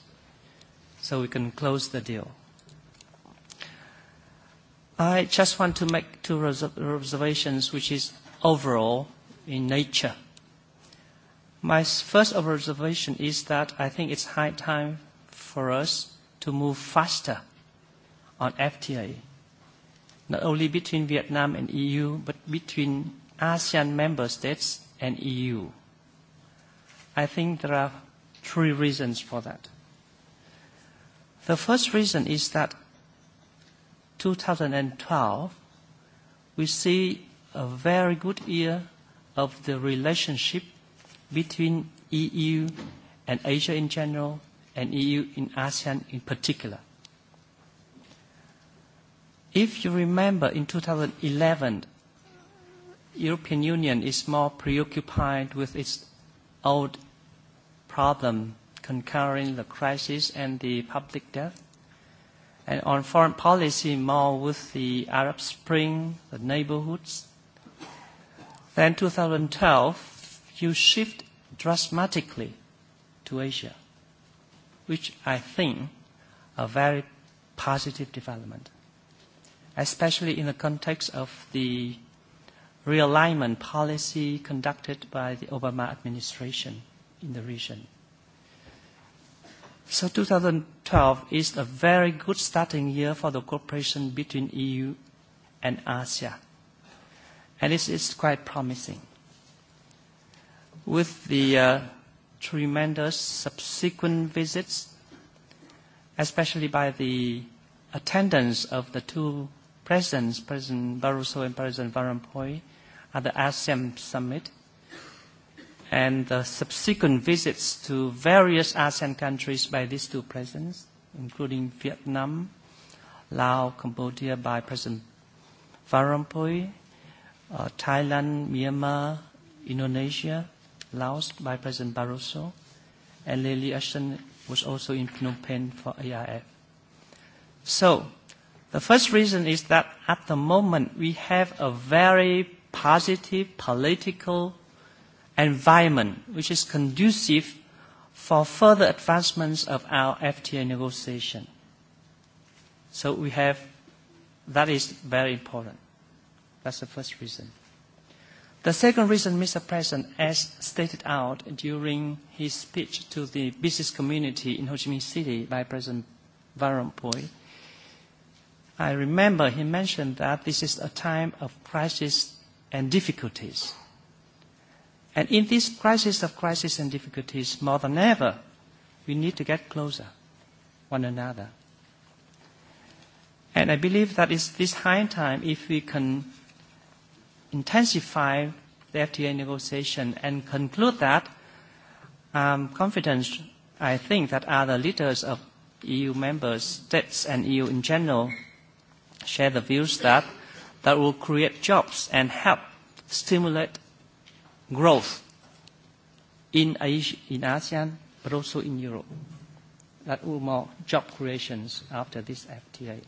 so we can close the deal. I just want to make two observations, which is overall in nature. My first observation is that I think it's high time for us to move faster on FTA, not only between Vietnam and EU, but between ASEAN member states and EU. I think there are three reasons for that. The first reason is that 2012, we see a very good year of the relationship between EU and Asia in general and EU in ASEAN in particular. If you remember, in 2011, European Union is more preoccupied with its old problem concurring the crisis and the public debt. And on foreign policy, more with the Arab Spring, the neighborhoods. Then 2012, you shift dramatically to Asia, which I think a very positive development, especially in the context of the realignment policy conducted by the Obama administration in the region. So 2012 is a very good starting year for the cooperation between EU and Asia, And it is quite promising. With the tremendous subsequent visits, especially by the attendance of the two presidents, President Barroso and President Van Rompuy, at the ASEAN summit, and the subsequent visits to various ASEAN countries by these two presidents, including Vietnam, Laos, Cambodia by President Van Thailand, Myanmar, Indonesia, Laos by President Barroso, and Lily Ashton was also in Phnom Penh for AIF. So, the first reason is that at the moment we have a very positive political environment which is conducive for further advancements of our FTA negotiation. So we have, that is very important. That's the first reason. The second reason, Mr. President, as stated out during his speech to the business community in Ho Chi Minh City by President Van Rompuy, I remember he mentioned that this is a time of crisis and difficulties. And in this crisis of crisis and difficulties, more than ever, we need to get closer one another. And I believe that it's this high time if we can intensify the FTA negotiation and conclude that um, confidence, I think, that other leaders of EU member states and EU in general share the views that that will create jobs and help stimulate growth in ASEAN, but also in Europe. That will more job creations after this FTA.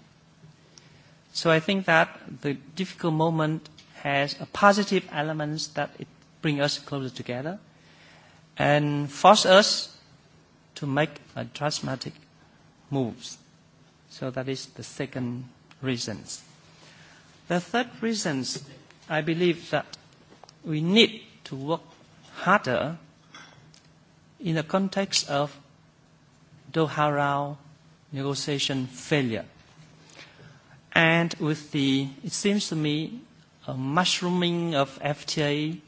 So I think that the difficult moment has a positive elements that it brings us closer together and force us to make a dramatic moves. So that is the second reason. The third reasons, I believe that we need to work harder in the context of Doha Round negotiation failure. And with the, it seems to me, a mushrooming of FTA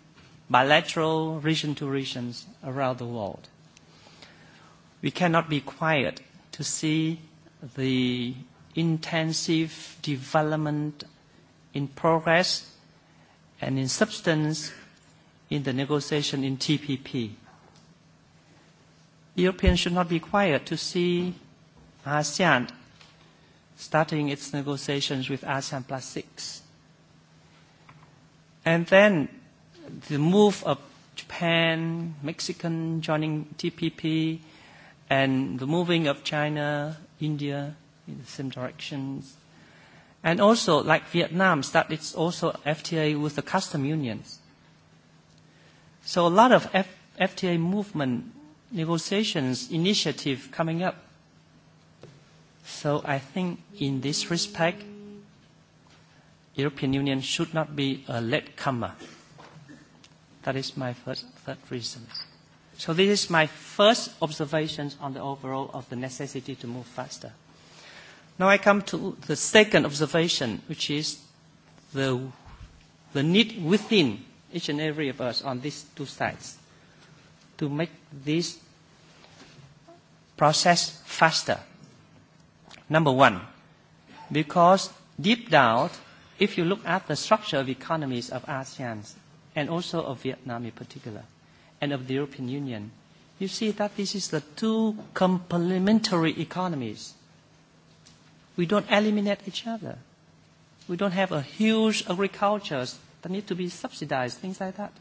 bilateral region to regions around the world. We cannot be quiet to see the intensive development in progress and in substance in the negotiation in TPP. Europeans should not be quiet to see ASEAN starting its negotiations with ASEAN plus six. And then the move of Japan, Mexican joining TPP, and the moving of China, India in the same directions. And also, like Vietnam, started also FTA with the custom unions. So a lot of FTA movement negotiations initiative coming up. So I think in this respect, European Union should not be a comer. That is my first third reason. So this is my first observation on the overall of the necessity to move faster. Now I come to the second observation, which is the the need within each and every of us on these two sides to make this process faster. Number one, because deep down, if you look at the structure of economies of ASEAN and also of Vietnam in particular, and of the European Union, you see that this is the two complementary economies. We don't eliminate each other. We don't have a huge agriculture need to be subsidized, things like that.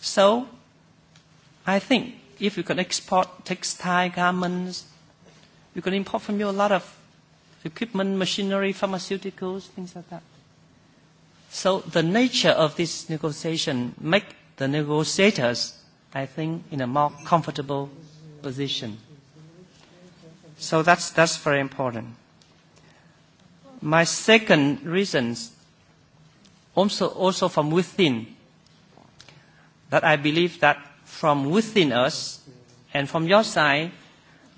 So I think if you can export textile garments, you can import from you a lot of equipment, machinery, pharmaceuticals, things like that. So the nature of this negotiation make the negotiators, I think, in a more comfortable position. So that's, that's very important. My second reasons also from within, that I believe that from within us and from your side,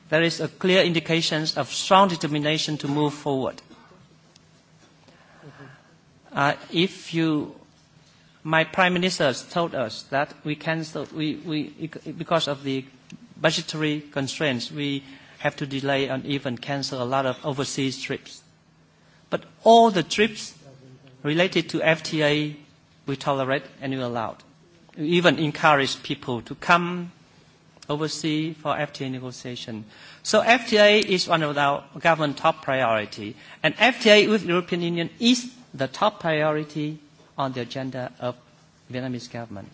there is a clear indication of strong determination to move forward. If you, my prime minister told us that we cancel, we, we, because of the budgetary constraints, we have to delay and even cancel a lot of overseas trips. But all the trips related to FTA, we tolerate and we allow. We even encourage people to come overseas for FTA negotiation. So FTA is one of our government top priority, and FTA with European Union is the top priority on the agenda of Vietnamese government.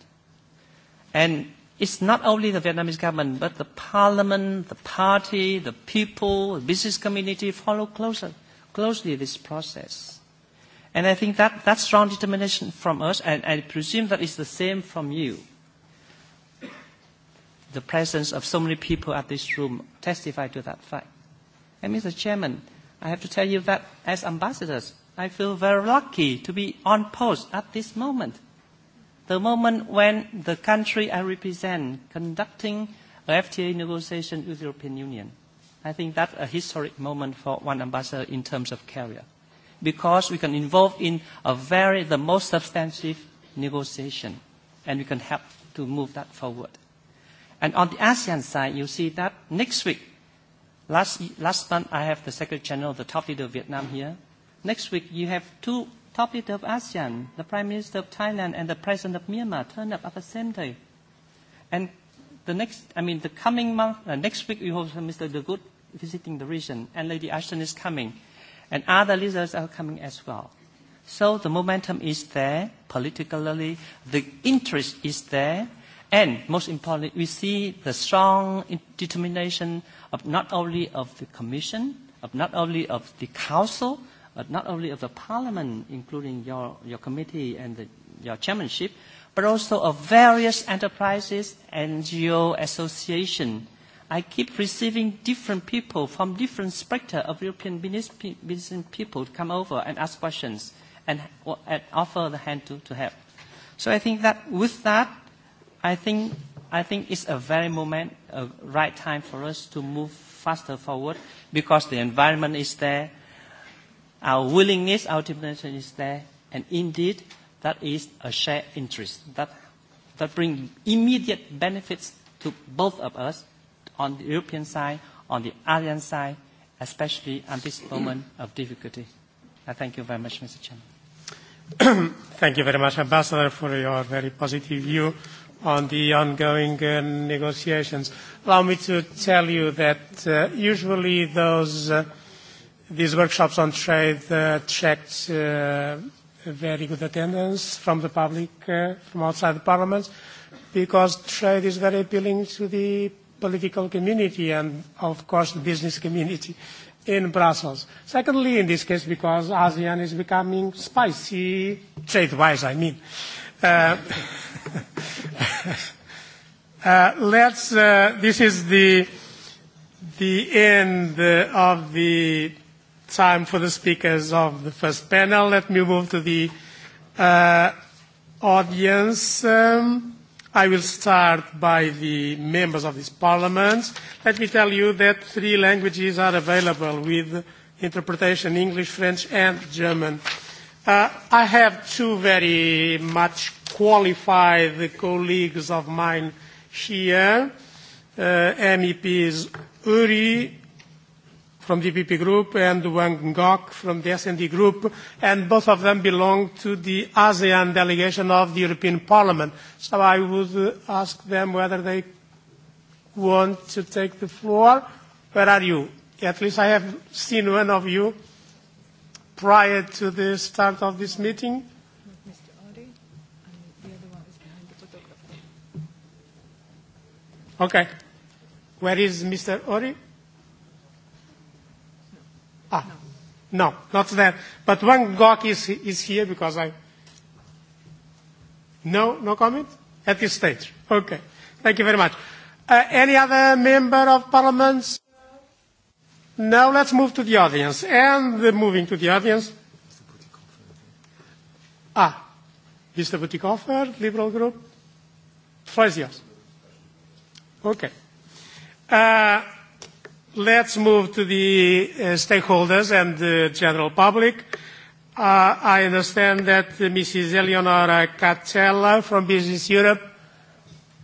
And it's not only the Vietnamese government, but the parliament, the party, the people, the business community follow closer, closely this process. And I think that that's strong determination from us, and I presume that is the same from you. The presence of so many people at this room testify to that fact. And Mr. Chairman, I have to tell you that as ambassadors, I feel very lucky to be on post at this moment. The moment when the country I represent conducting a FTA negotiation with the European Union. I think that's a historic moment for one ambassador in terms of career because we can involve in a very, the most substantive negotiation, and we can help to move that forward. And on the ASEAN side, you see that next week, last, last month I have the Secretary General, the top leader of Vietnam here. Next week you have two top leaders of ASEAN, the Prime Minister of Thailand and the President of Myanmar turn up at the same day. And the next, I mean, the coming month, next week we have Mr. De Good visiting the region, and Lady Ashton is coming and other leaders are coming as well. So the momentum is there, politically, the interest is there, and most importantly, we see the strong determination of not only of the Commission, of not only of the Council, but not only of the Parliament, including your, your committee and your chairmanship, but also of various enterprises, NGO associations, I keep receiving different people from different spectra of European business people to come over and ask questions and offer the hand to help. So I think that with that, I think I think it's a very moment, a right time for us to move faster forward because the environment is there, our willingness, our determination is there, and indeed that is a shared interest that that brings immediate benefits to both of us on the European side, on the ASEAN side, especially at this moment of difficulty. I thank you very much, Mr. Chairman. Thank you very much, Ambassador, for your very positive view on the ongoing negotiations. Allow me to tell you that usually those these workshops on trade attract very good attendance from the public, from outside the Parliament, because trade is very appealing to the political community and, of course, the business community in Brussels. Secondly, in this case, because ASEAN is becoming spicy, trade-wise, I mean. Let's, this is the the end of the time for the speakers of the first panel. Let me move to the audience. I will start by the members of this parliament. Let me tell you that three languages are available with interpretation, English, French and German. I have two very much qualified colleagues of mine here, MEPs Uri from the PP Group and Wang Ngoc from the S&D Group, and both of them belong to the ASEAN delegation of the European Parliament. So I would ask them whether they want to take the floor. Where are you? At least I have seen one of you prior to the start of this meeting. Okay. Where is Mr. Ori? Ah, no, not there. But Wang Gok is, is here because I... No, no comment at this stage. Okay, thank you very much. Uh, any other member of parliaments? Now let's move to the audience. And moving to the audience. Ah, Mr. Butikoffer, Liberal Group. Floor is yours. Okay. Uh, Let's move to the stakeholders and the general public. I understand that Mrs. Eleonora Catella from Business Europe,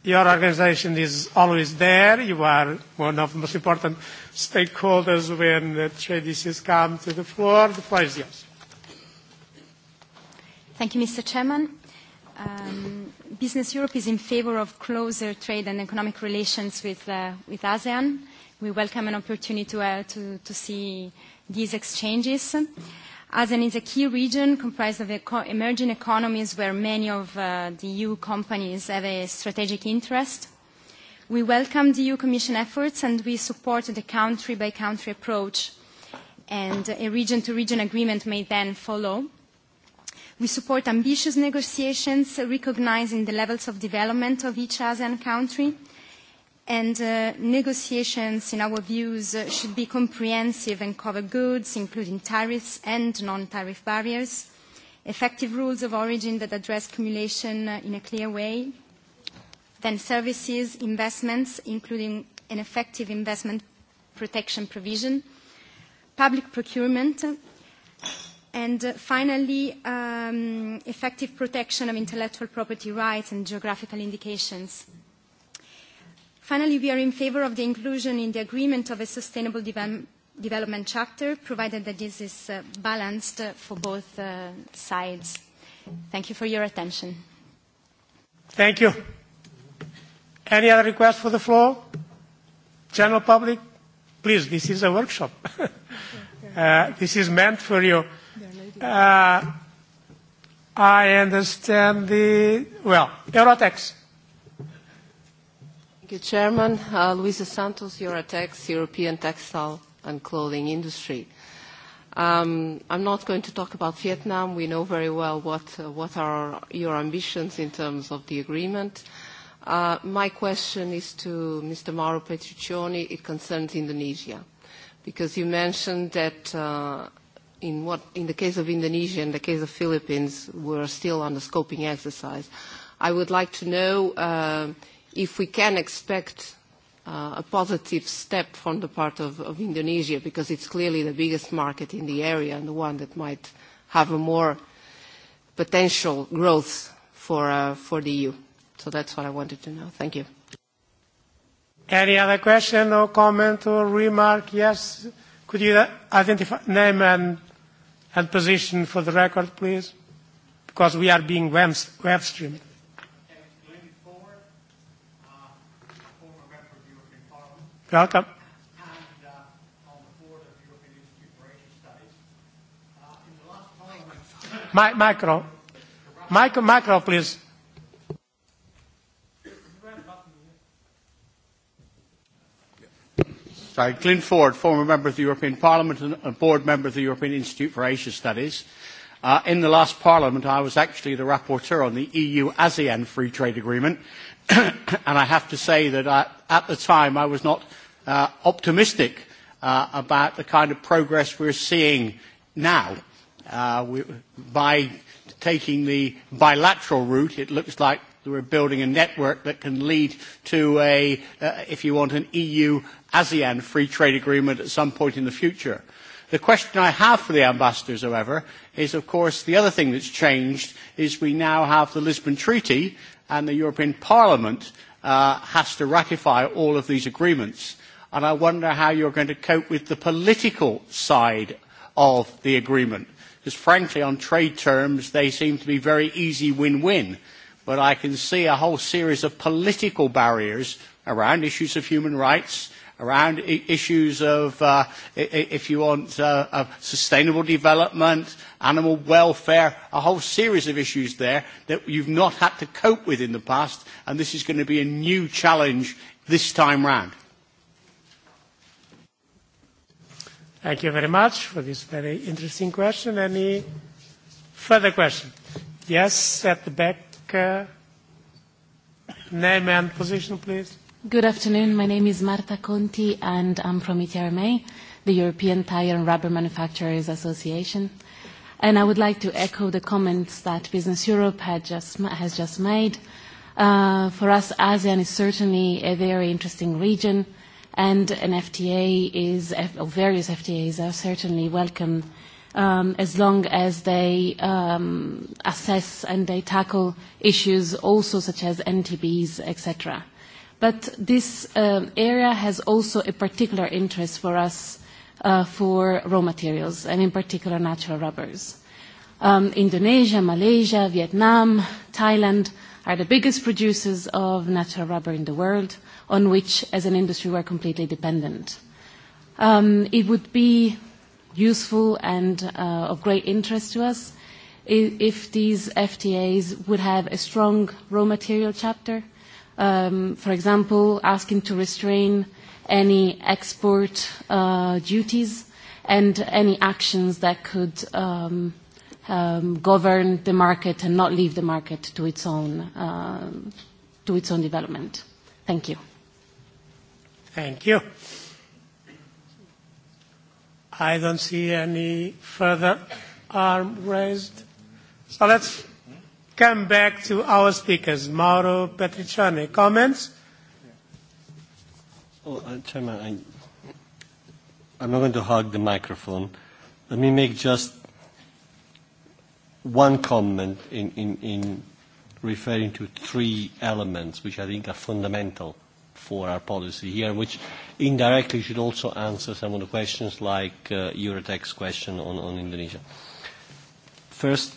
your organization is always there. You are one of the most important stakeholders when trade issues come to the floor. The floor is yours. Thank you, Mr. Chairman. Business Europe is in favor of closer trade and economic relations with ASEAN we welcome an opportunity to see these exchanges. ASEAN is a key region comprised of emerging economies where many of the EU companies have a strategic interest. We welcome the EU Commission efforts and we support the country-by-country approach and a region-to-region agreement may then follow. We support ambitious negotiations recognizing the levels of development of each ASEAN country and negotiations, in our views, should be comprehensive and cover goods, including tariffs and non-tariff barriers, effective rules of origin that address accumulation in a clear way, then services, investments, including an effective investment protection provision, public procurement, and finally, effective protection of intellectual property rights and geographical indications. Finally, we are in favor of the inclusion in the agreement of a sustainable development chapter, provided that this is balanced for both sides. Thank you for your attention. Thank you. Any other requests for the floor? General public, please, this is a workshop. This is meant for you. I understand the, well, Eurotex you, Chairman. Luisa Santos, Eurotex, European Textile and Clothing Industry. I'm not going to talk about Vietnam. We know very well what are your ambitions in terms of the agreement. My question is to Mr. Mauro Petruccioni. It concerns Indonesia, because you mentioned that in what in the case of Indonesia and the case of Philippines, we're still on the scoping exercise. I would like to know if we can expect a positive step from the part of Indonesia, because it's clearly the biggest market in the area and the one that might have a more potential growth for the EU. So that's what I wanted to know. Thank you. Any other question or comment or remark? Yes. Could you identify name and position for the record, please? Because we are being web-streamed. Welcome. My, micro. Micro, micro, please. Sorry, Glyn Ford, former member of the European Parliament and a board member of the European Institute for Asia Studies. in the last Parliament, I was actually the rapporteur on the EU-ASEAN Free Trade Agreement, and I have to say that at the time I was not optimistic about the kind of progress we're seeing now. By taking the bilateral route, it looks like we're building a network that can lead to a, if you want, an EU-ASEAN free trade agreement at some point in the future. The question I have for the ambassadors, however, is, of course, the other thing that's changed is we now have the Lisbon Treaty, and the European Parliament has to ratify all of these agreements. And I wonder how you're going to cope with the political side of the agreement. Because frankly, on trade terms, they seem to be very easy win-win. But I can see a whole series of political barriers around issues of human rights, around issues of, if you want, of sustainable development, animal welfare, a whole series of issues there that you've not had to cope with in the past, and this is going to be a new challenge this time round. Thank you very much for this very interesting question. Any further questions? Yes, at the back. Name and position, please. Good afternoon. My name is Marta Conti, and I'm from ETRMA, the European Tire and Rubber Manufacturers Association. And I would like to echo the comments that Business Europe has just made. For us, ASEAN is certainly a very interesting region, and an FTA is, or various FTAs are certainly welcome, as long as they assess and they tackle issues also such as NTBs, etc. But this area has also a particular interest for us for raw materials, and in particular natural rubbers. Indonesia, Malaysia, Vietnam, Thailand are the biggest producers of natural rubber in the world, on which, as an industry, we're completely dependent. It would be useful and of great interest to us if these FTAs would have a strong raw material chapter, for example, asking to restrain any export duties and any actions that could govern the market and not leave the market to its own to its own development. Thank you. Thank you. I don't see any further arm raised. So let's come back to our speakers. Mauro Petriccioni, comments? Chairman, I'm not going to hog the microphone. Let me make just one comment in, in, in referring to three elements which I think are fundamental for our policy here, which indirectly should also answer some of the questions like uh, Eurotech's question on, on Indonesia. First,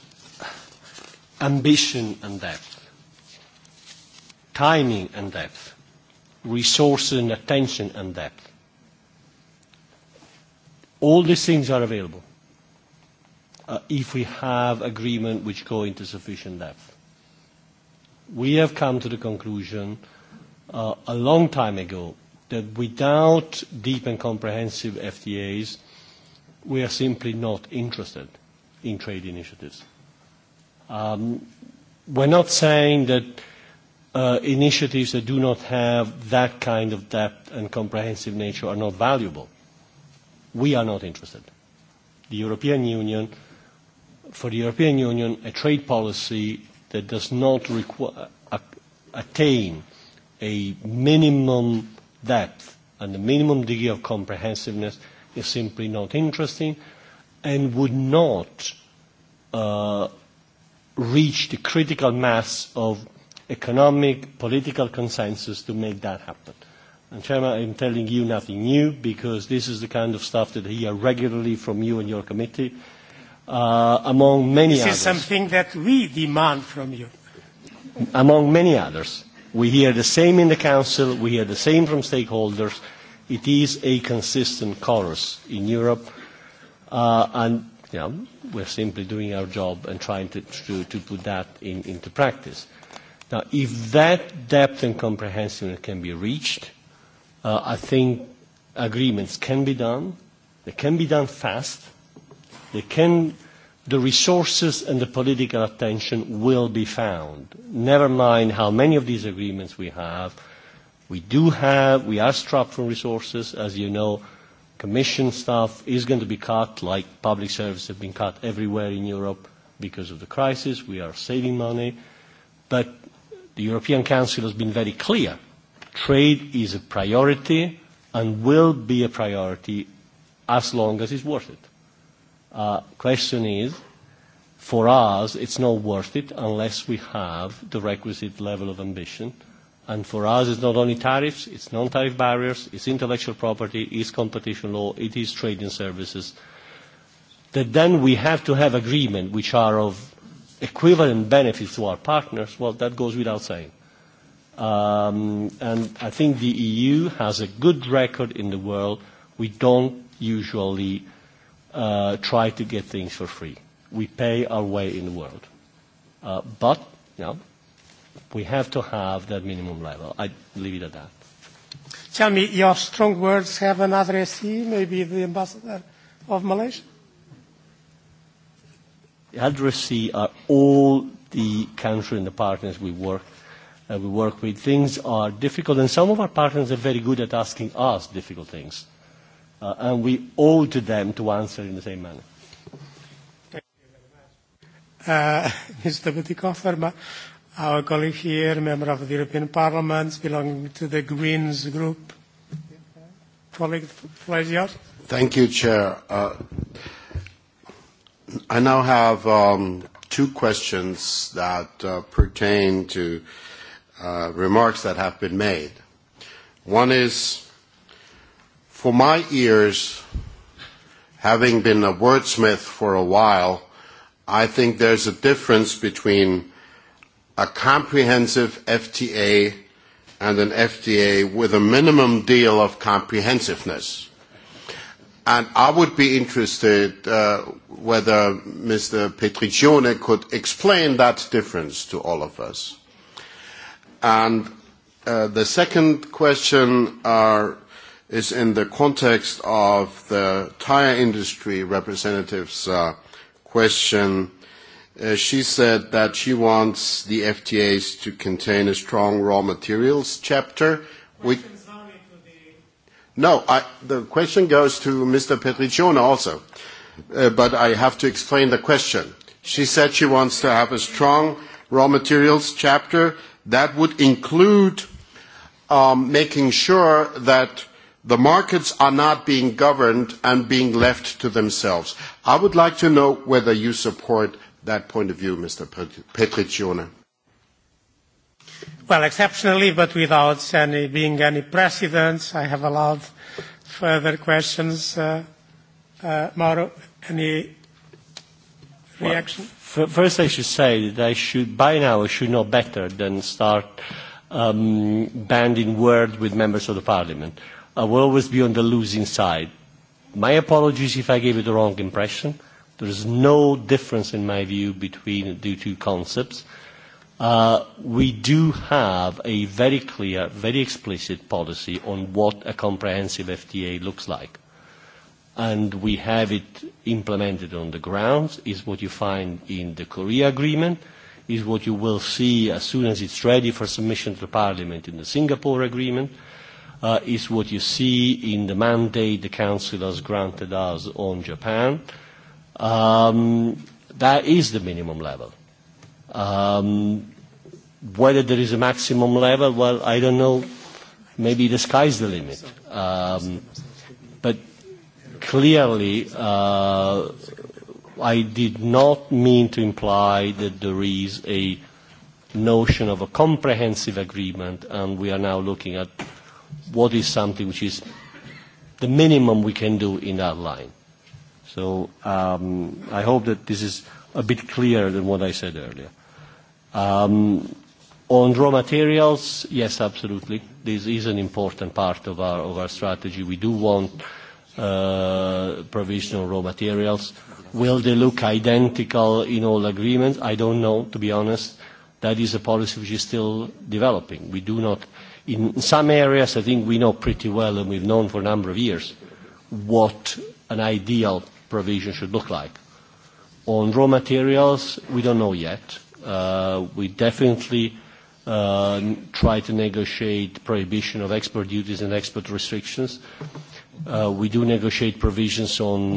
ambition and depth, timing and depth resources and attention and depth. All these things are available if we have agreement which go into sufficient depth. We have come to the conclusion a long time ago that without deep and comprehensive FTAs, we are simply not interested in trade initiatives. We're not saying that initiatives that do not have that kind of depth and comprehensive nature are not valuable. We are not interested. The European Union, for the European Union, a trade policy that does not attain a minimum depth and a minimum degree of comprehensiveness is simply not interesting and would not reach the critical mass of economic, political consensus to make that happen. And Chairman, I'm telling you nothing new because this is the kind of stuff that I hear regularly from you and your committee, among many others. This is something that we demand from you. Among many others. We hear the same in the Council, we hear the same from stakeholders. It is a consistent chorus in Europe, and we're simply doing our job and trying to put that into practice. Now, if that depth and comprehensiveness can be reached, I think agreements can be done. They can be done fast. They can, the resources and the political attention will be found. Never mind how many of these agreements we have. We do have, we are strapped for resources. As you know, commission stuff is going to be cut, like public services have been cut everywhere in Europe because of the crisis. We are saving money. But The European Council has been very clear. Trade is a priority and will be a priority as long as it's worth it. The question is, for us, it's not worth it unless we have the requisite level of ambition. And for us, it's not only tariffs, it's non-tariff barriers, it's intellectual property, it's competition law, it is trading services. That then we have to have agreement which are of equivalent benefits to our partners, well, that goes without saying. And I think the EU has a good record in the world. We don't usually try to get things for free. We pay our way in the world. But, you know, we have to have that minimum level. I leave it at that. Tell me, your strong words have an SE, maybe the ambassador of Malaysia? addressee are all the country and the partners we work we work with. Things are difficult and some of our partners are very good at asking us difficult things. And we owe to them to answer in the same manner. Thank you very much. Mr. Butikoffer, our colleague here, member of the European Parliament, belonging to the Greens group. Colleague, the Thank you, Chair. I now have two questions that pertain to remarks that have been made. One is, for my ears, having been a wordsmith for a while, I think there's a difference between a comprehensive FTA and an FTA with a minimum deal of comprehensiveness. And I would be interested whether Mr. Petricione could explain that difference to all of us. And the second question is in the context of the tire industry representative's question. She said that she wants the FTAs to contain a strong raw materials chapter. No, the question goes to Mr. Petricciona also, but I have to explain the question. She said she wants to have a strong raw materials chapter that would include making sure that the markets are not being governed and being left to themselves. I would like to know whether you support that point of view, Mr. Petricciona. Well, exceptionally, but without any being any precedents, I have allowed further questions. Mauro, any reaction? First, I should say that I should, by now, I should know better than start banding words with members of the Parliament. I will always be on the losing side. My apologies if I gave you the wrong impression. There is no difference in my view between the two concepts we do have a very clear, very explicit policy on what a comprehensive FTA looks like. And we have it implemented on the ground, is what you find in the Korea agreement, is what you will see as soon as it's ready for submission to Parliament in the Singapore agreement, is what you see in the mandate the Council has granted us on Japan. That is the minimum level. Um Whether there is a maximum level, well, I don't know. Maybe the sky's the limit. But clearly, I did not mean to imply that there is a notion of a comprehensive agreement, and we are now looking at what is something which is the minimum we can do in that line. So I hope that this is a bit clearer than what I said earlier. On raw materials, yes, absolutely. This is an important part of our strategy. We do want provisional raw materials. Will they look identical in all agreements? I don't know, to be honest. That is a policy which is still developing. We do not. In some areas, I think we know pretty well, and we've known for a number of years, what an ideal provision should look like. On raw materials, we don't know yet. We definitely try to negotiate prohibition of export duties and export restrictions. We do negotiate provisions on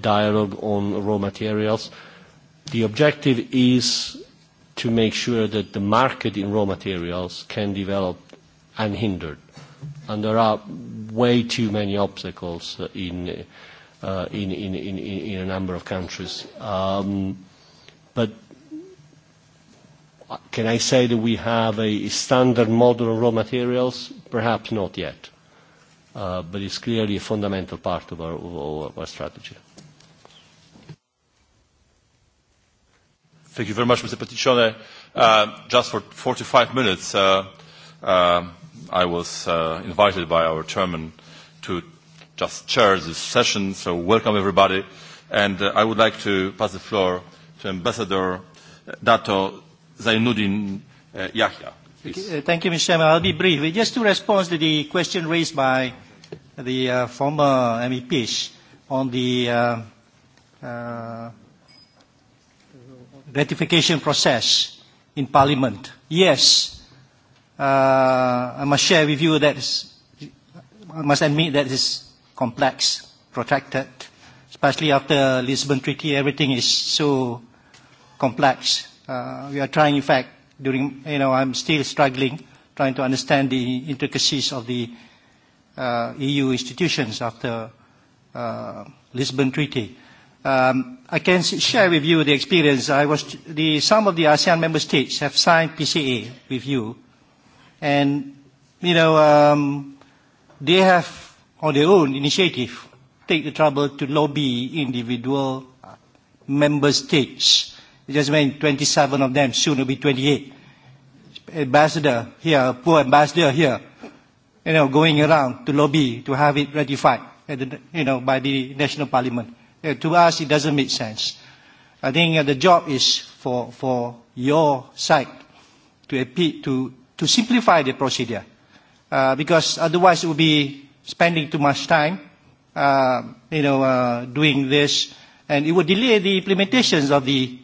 dialogue on raw materials. The objective is to make sure that the market in raw materials can develop unhindered. And there are way too many obstacles in a number of countries. But Can I say that we have a standard model of raw materials? Perhaps not yet, but it's clearly a fundamental part of our strategy. Thank you very much, Mr. Petitione. Just for 45 minutes, I was invited by our chairman to just chair this session, so welcome everybody. And I would like to pass the floor to Ambassador Dato Zainuddin Yahya. Thank you, Mr. Chairman. I'll be brief. Just to respond to the question raised by the former MEPs on the ratification process in Parliament. Yes, I must share with you that I must admit that is complex, protracted, especially after Lisbon Treaty, everything is so complex we are trying, in fact, during, you know, I'm still struggling trying to understand the intricacies of the EU institutions after Lisbon Treaty. I can share with you the experience. I was the some of the ASEAN member states have signed PCA with you, and you know they have on their own initiative take the trouble to lobby individual member states just when 27 of them, soon will be 28. Ambassador here, poor ambassador here, you know, going around to lobby to have it ratified, you know, by the national parliament. To us, it doesn't make sense. I think the job is for for your side to to to simplify the procedure, because otherwise it would be spending too much time, you know, doing this, and it would delay the implementations of the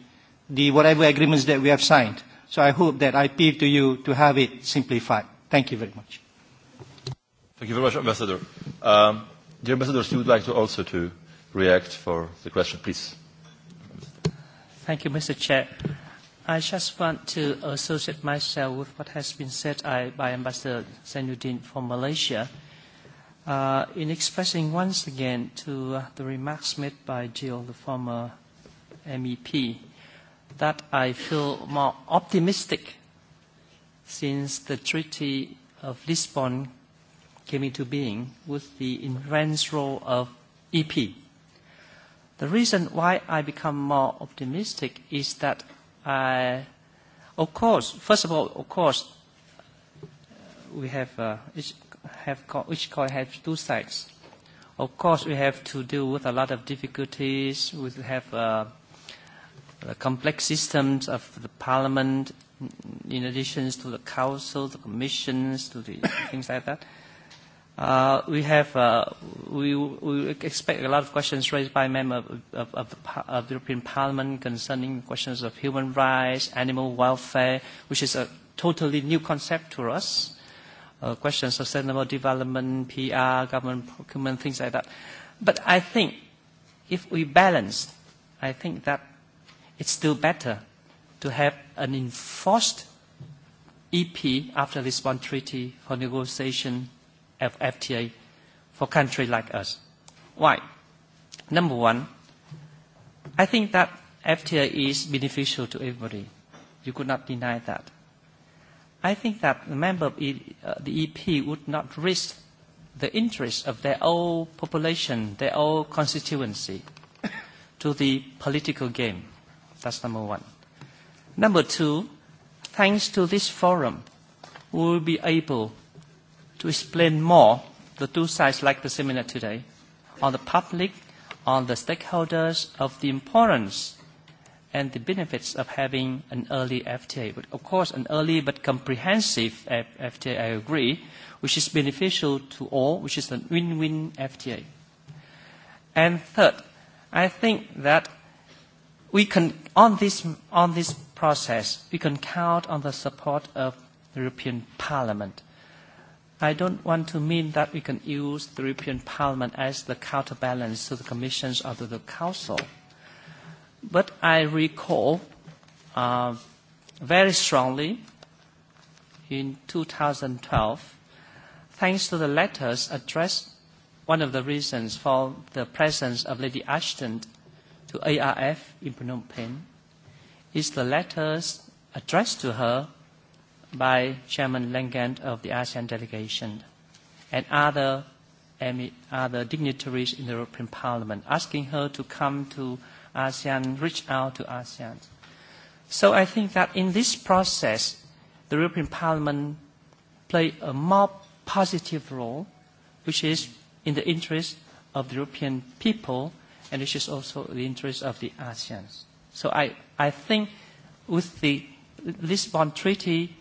the whatever agreements that we have signed. So I hope that I appeal to you to have it simplified. Thank you very much. Thank you very much, Ambassador. Um, dear Ambassador, you would like to also to react for the question, please. Thank you, Mr. Chair. I just want to associate myself with what has been said by Ambassador Zainuddin from Malaysia in expressing once again to the remarks made by Jill, the former MEP that I feel more optimistic since the Treaty of Lisbon came into being with the enhanced role of EP. The reason why I become more optimistic is that I, of course, first of all, of course, we have each have each coin has two sides. Of course, we have to deal with a lot of difficulties. We have The complex systems of the Parliament, in addition to the Council, the Commissions, to the things like that. We have, we expect a lot of questions raised by members of the European Parliament concerning questions of human rights, animal welfare, which is a totally new concept to us. Questions of sustainable development, PR, government procurement, things like that. But I think if we balance, I think that it's still better to have an enforced EP after Lisbon Treaty for negotiation of FTA for countries like us. Why? Number one, I think that FTA is beneficial to everybody. You could not deny that. I think that the member of the EP would not risk the interests of their own population, their own constituency, to the political game. That's number one. Number two, thanks to this forum, we will be able to explain more the two sides like the seminar today on the public, on the stakeholders of the importance and the benefits of having an early FTA. But of course, an early but comprehensive FTA, I agree, which is beneficial to all, which is a win-win FTA. And third, I think that we can on this on this process we can count on the support of the European Parliament. I don't want to mean that we can use the European Parliament as the counterbalance to the Commissions or to the Council, but I recall very strongly in 2012, thanks to the letters addressed, one of the reasons for the presence of Lady Ashton to ARF in Phnom Penh is the letters addressed to her by Chairman Langan of the ASEAN delegation and other other dignitaries in the European Parliament, asking her to come to ASEAN, reach out to ASEAN. So I think that in this process, the European Parliament play a more positive role, which is in the interest of the European people and it is also the interest of the ASEAN. So I, I think with the Lisbon Treaty,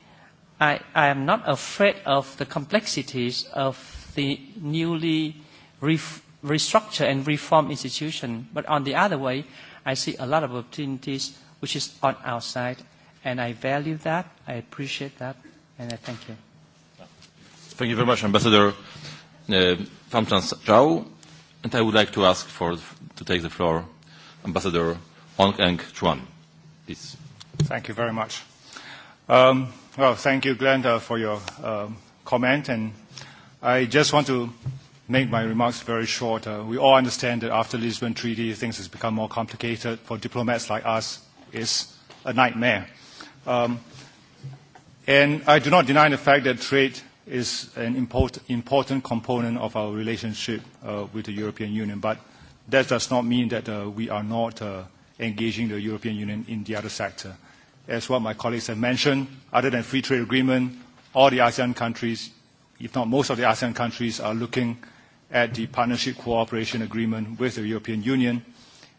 I, I am not afraid of the complexities of the newly restructured and reformed institution. But on the other way, I see a lot of opportunities which is on our side, and I value that, I appreciate that, and I thank you. Thank you very much, Ambassador uh, Chan Zhao. And I would like to ask for to take the floor Ambassador Hong Eng Chuan. Please. Thank you very much. Um, well, thank you, Glenda, for your comment. And I just want to make my remarks very short. we all understand that after the Lisbon Treaty, things have become more complicated. For diplomats like us, it's a nightmare. Um, and I do not deny the fact that trade is an important component of our relationship with the European Union. But that does not mean that we are not engaging the European Union in the other sector. As what my colleagues have mentioned, other than free trade agreement, all the ASEAN countries, if not most of the ASEAN countries, are looking at the partnership cooperation agreement with the European Union.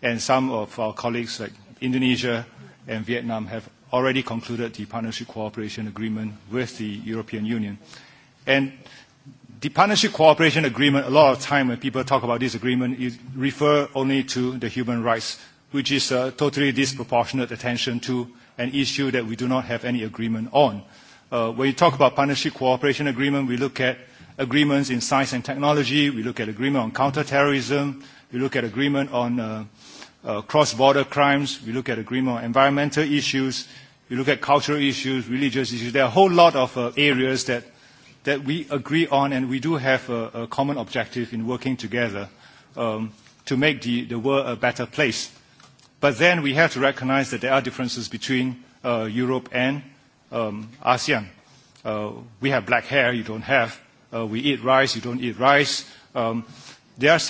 And some of our colleagues like Indonesia and Vietnam have already concluded the partnership cooperation agreement with the European Union. And the Partnership Cooperation Agreement, a lot of time when people talk about this agreement, it refer only to the human rights, which is totally disproportionate attention to an issue that we do not have any agreement on. When you talk about Partnership Cooperation Agreement, we look at agreements in science and technology, we look at agreement on counterterrorism, we look at agreement on cross-border crimes, we look at agreement on environmental issues, we look at cultural issues, religious issues. There are a whole lot of areas that that we agree on and we do have a common objective in working together to make the world a better place. But then we have to recognize that there are differences between Europe and ASEAN. We have black hair, you don't have. We eat rice, you don't eat rice. There are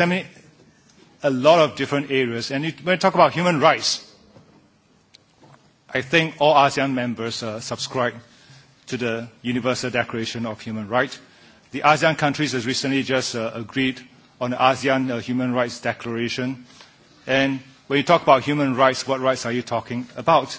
a lot of different areas. And when we talk about human rights, I think all ASEAN members subscribe to the Universal Declaration of Human Rights. The ASEAN countries has recently just agreed on the ASEAN Human Rights Declaration. And when you talk about human rights, what rights are you talking about?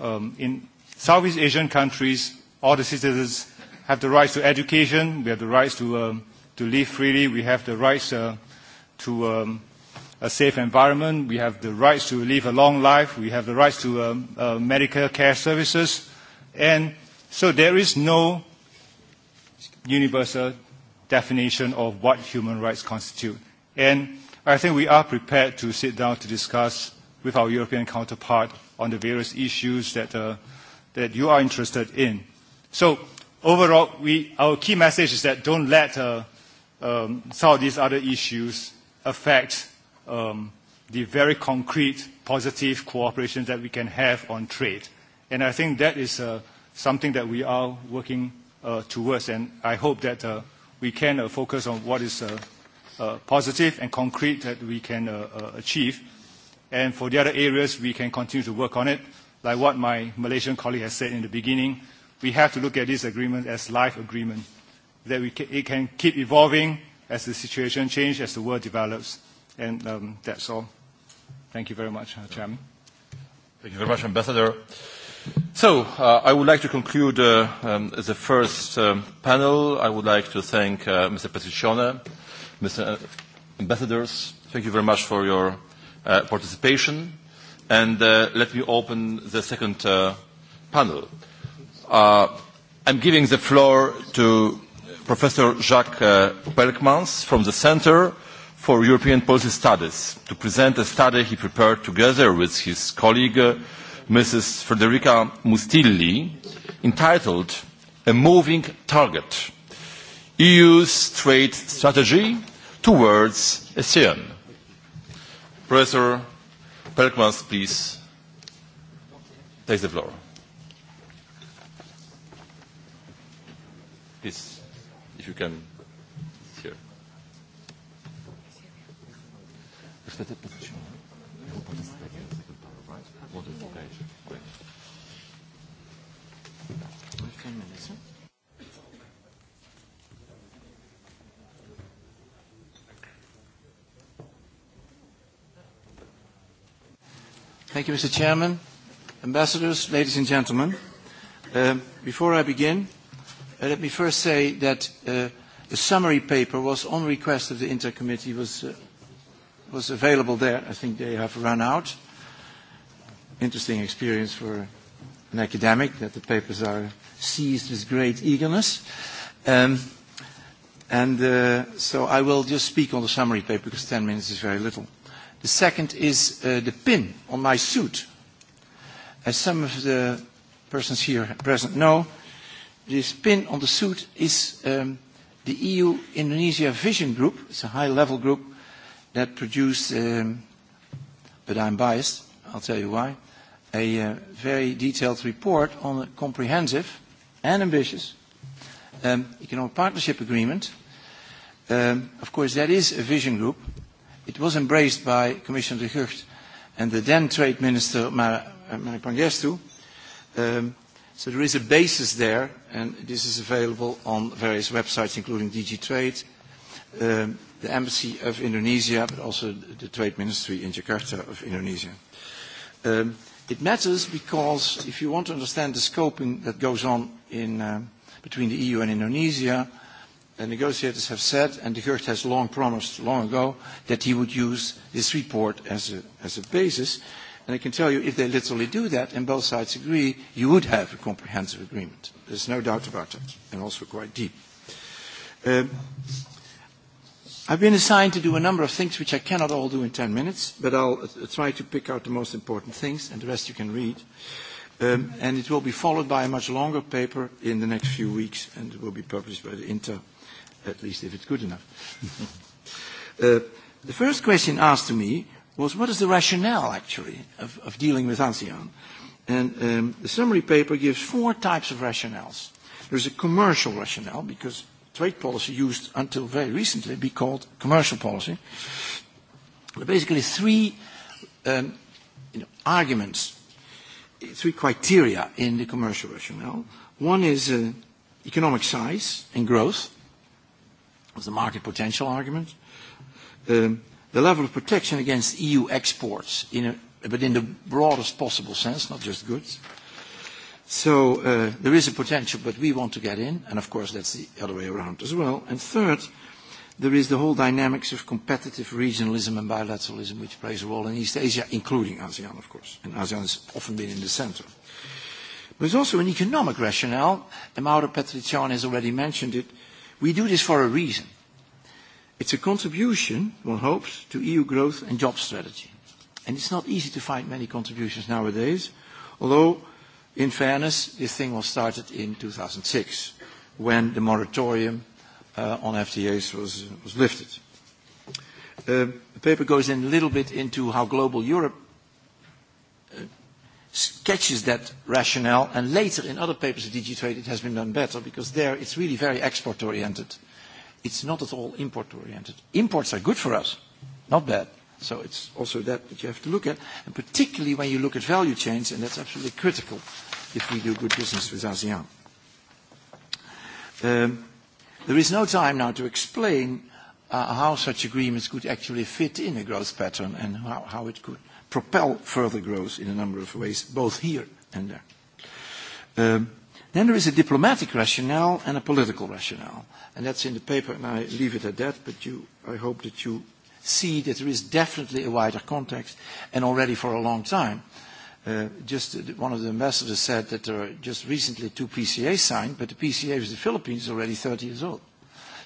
In Southeast Asian countries, all the citizens have the rights to education, we have the rights to live freely, we have the rights to a safe environment, we have the rights to live a long life, we have the rights to medical care services, and So there is no universal definition of what human rights constitute. And I think we are prepared to sit down to discuss with our European counterpart on the various issues that that you are interested in. So overall, we our key message is that don't let some of these other issues affect the very concrete, positive cooperation that we can have on trade. And I think that is something that we are working towards. And I hope that we can focus on what is positive and concrete that we can achieve. And for the other areas, we can continue to work on it. Like what my Malaysian colleague has said in the beginning, we have to look at this agreement as life agreement, that it can keep evolving as the situation changes, as the world develops. And that's all. Thank you very much, Chairman. Thank you very much, Ambassador. So I would like to conclude the first panel. I would like to thank Mr. Petitioner, Mr. Ambassadors. Thank you very much for your participation. And let me open the second panel. I'm giving the floor to Professor Jacques Pelkmans from the Center for European Policy Studies to present a study he prepared together with his colleague Mrs. Frederica Mustilli, entitled A Moving Target, EU's Trade Strategy Towards ASEAN. Professor Pelkmans, please take the floor. Please, if you can. Thank you, Mr. Chairman, ambassadors, ladies and gentlemen. Before I begin, let me first say that the summary paper was on request of the Intercommittee, was was available there. I think they have run out. Interesting experience for an academic that the papers are seized with great eagerness. And so I will just speak on the summary paper because 10 minutes is very little. The second is the pin on my suit. As some of the persons here present know, this pin on the suit is the EU-Indonesia Vision Group. It's a high-level group that produced, but I'm biased, I'll tell you why, a very detailed report on a comprehensive and ambitious economic partnership agreement. Of course, that is a vision group It was embraced by Commissioner de Gucht and the then Trade Minister, Maripangestu. So there is a basis there, and this is available on various websites, including DG Trade, the Embassy of Indonesia, but also the Trade Ministry in Jakarta of Indonesia. It matters because if you want to understand the scoping that goes on in between the EU and Indonesia, The negotiators have said, and de Gucht has long promised long ago, that he would use this report as a basis. And I can tell you, if they literally do that and both sides agree, you would have a comprehensive agreement. There's no doubt about that, and also quite deep. I've been assigned to do a number of things which I cannot all do in 10 minutes, but I'll try to pick out the most important things, and the rest you can read. And it will be followed by a much longer paper in the next few weeks, and it will be published by the Inter at least if it's good enough. The first question asked to me was what is the rationale actually of dealing with ASEAN? And the summary paper gives four types of rationales. There's a commercial rationale because trade policy used until very recently be called commercial policy. There are basically three arguments, three criteria in the commercial rationale. One is economic size and growth of the market potential argument. The level of protection against EU exports, but in the broadest possible sense, not just goods. So there is a potential, but we want to get in, and of course that's the other way around as well. And third, there is the whole dynamics of competitive regionalism and bilateralism, which plays a role in East Asia, including ASEAN, of course. And ASEAN has often been in the center. There's also an economic rationale. and Mauro Petriciani has already mentioned it. We do this for a reason. It's a contribution, one hopes, to EU growth and job strategy. And it's not easy to find many contributions nowadays, although, in fairness, this thing was started in 2006, when the moratorium on FTAs was lifted. The paper goes in a little bit into how global Europe sketches that rationale, and later in other papers of DG Trade it has been done better, because there it's really very export-oriented. It's not at all import-oriented. Imports are good for us, not bad. So it's also that that you have to look at, and particularly when you look at value chains, and that's absolutely critical if we do good business with ASEAN. There is no time now to explain how such agreements could actually fit in a growth pattern and how it could propel further growth in a number of ways, both here and there. Then there is a diplomatic rationale and a political rationale. And that's in the paper, and I leave it at that, but you, I hope that you see that there is definitely a wider context, and already for a long time. Just one of the ambassadors said that there are just recently two PCAs signed, but the PCA with the Philippines is already 30 years old.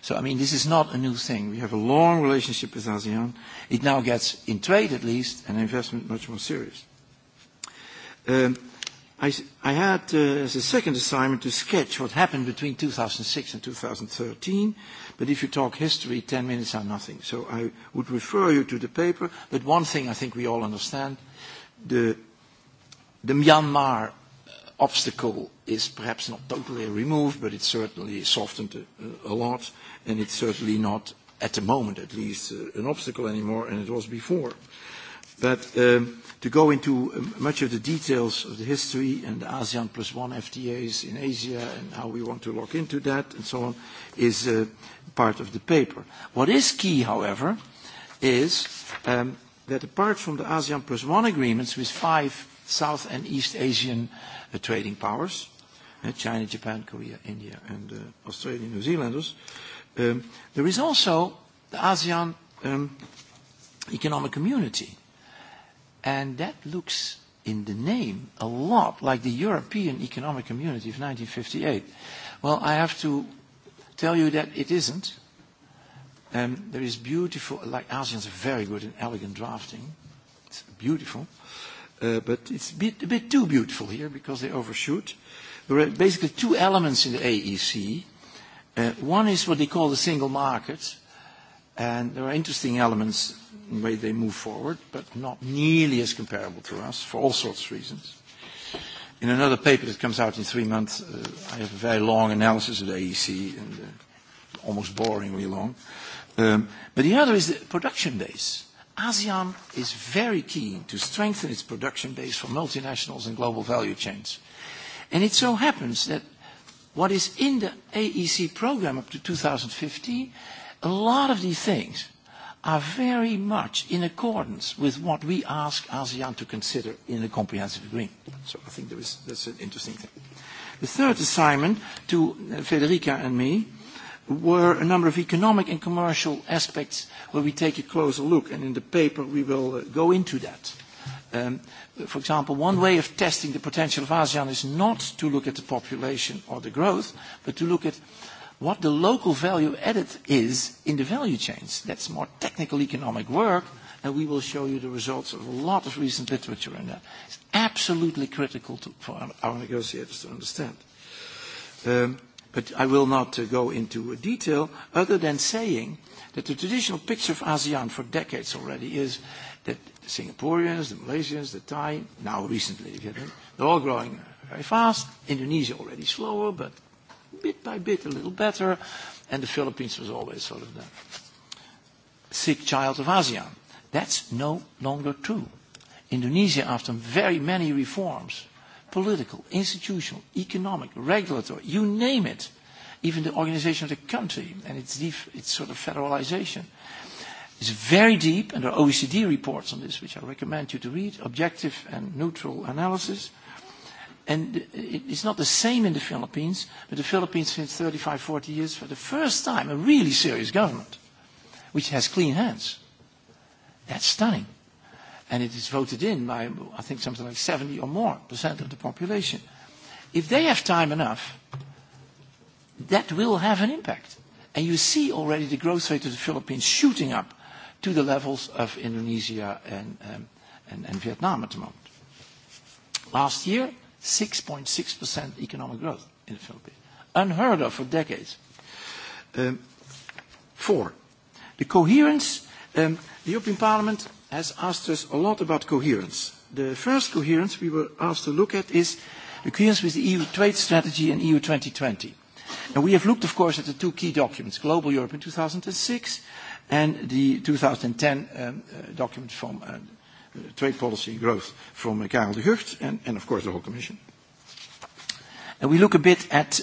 So, I mean, this is not a new thing. We have a long relationship with ASEAN. It now gets, in trade at least, and investment much more serious. I had as a second assignment to sketch what happened between 2006 and 2013, but if you talk history, 10 minutes are nothing. So I would refer you to the paper, but one thing I think we all understand, the Myanmar obstacle is perhaps not totally removed, but it certainly softened a lot and it's certainly not, at the moment at least, an obstacle anymore, and it was before. But to go into much of the details of the history and the ASEAN plus one FTAs in Asia and how we want to lock into that and so on is part of the paper. What is key, however, is that apart from the ASEAN plus one agreements with five South and East Asian trading powers, China, Japan, Korea, India and Australia, New Zealanders, There is also the ASEAN Economic Community, and that looks in the name a lot like the European Economic Community of 1958. Well, I have to tell you that it isn't. There is beautiful, like ASEAN's are very good in elegant drafting. It's beautiful, but it's a bit, a bit too beautiful here because they overshoot. There are basically two elements in the AEC One is what they call the single market, and there are interesting elements in the way they move forward, but not nearly as comparable to us for all sorts of reasons. In another paper that comes out in three months, I have a very long analysis of the AEC, and almost boringly long. But the other is the production base. ASEAN is very keen to strengthen its production base for multinationals and global value chains. And it so happens that what is in the AEC program up to 2050? a lot of these things are very much in accordance with what we ask ASEAN to consider in a comprehensive agreement. So I think there is, that's an interesting thing. The third assignment to Federica and me were a number of economic and commercial aspects where we take a closer look, and in the paper we will go into that. For example, one way of testing the potential of ASEAN is not to look at the population or the growth, but to look at what the local value added is in the value chains. That's more technical economic work, and we will show you the results of a lot of recent literature on that. It's absolutely critical for our negotiators to understand. But I will not go into detail, other than saying that the traditional picture of ASEAN for decades already is that Singaporeans, the Malaysians, the Thai, now recently, they're all growing very fast. Indonesia already slower, but bit by bit a little better. And the Philippines was always sort of the sick child of ASEAN. That's no longer true. Indonesia, after very many reforms, political, institutional, economic, regulatory, you name it, even the organization of the country and its, its sort of federalization, is very deep, and there are OECD reports on this, which I recommend you to read, objective and neutral analysis. And it's not the same in the Philippines, but the Philippines since 35, 40 years, for the first time, a really serious government, which has clean hands. That's stunning. And it is voted in by, I think, something like 70 or more percent of the population. If they have time enough, that will have an impact. And you see already the growth rate of the Philippines shooting up to the levels of Indonesia and Vietnam at the moment. Last year, 6.6% economic growth in the Philippines. Unheard of for decades. Four, the coherence. The European Parliament has asked us a lot about coherence. The first coherence we were asked to look at is the coherence with the EU trade strategy and EU 2020. And we have looked, of course, at the two key documents, Global Europe in 2006 and the 2010 document from trade policy growth from Karel de Gucht and of course the whole Commission. And we look a bit at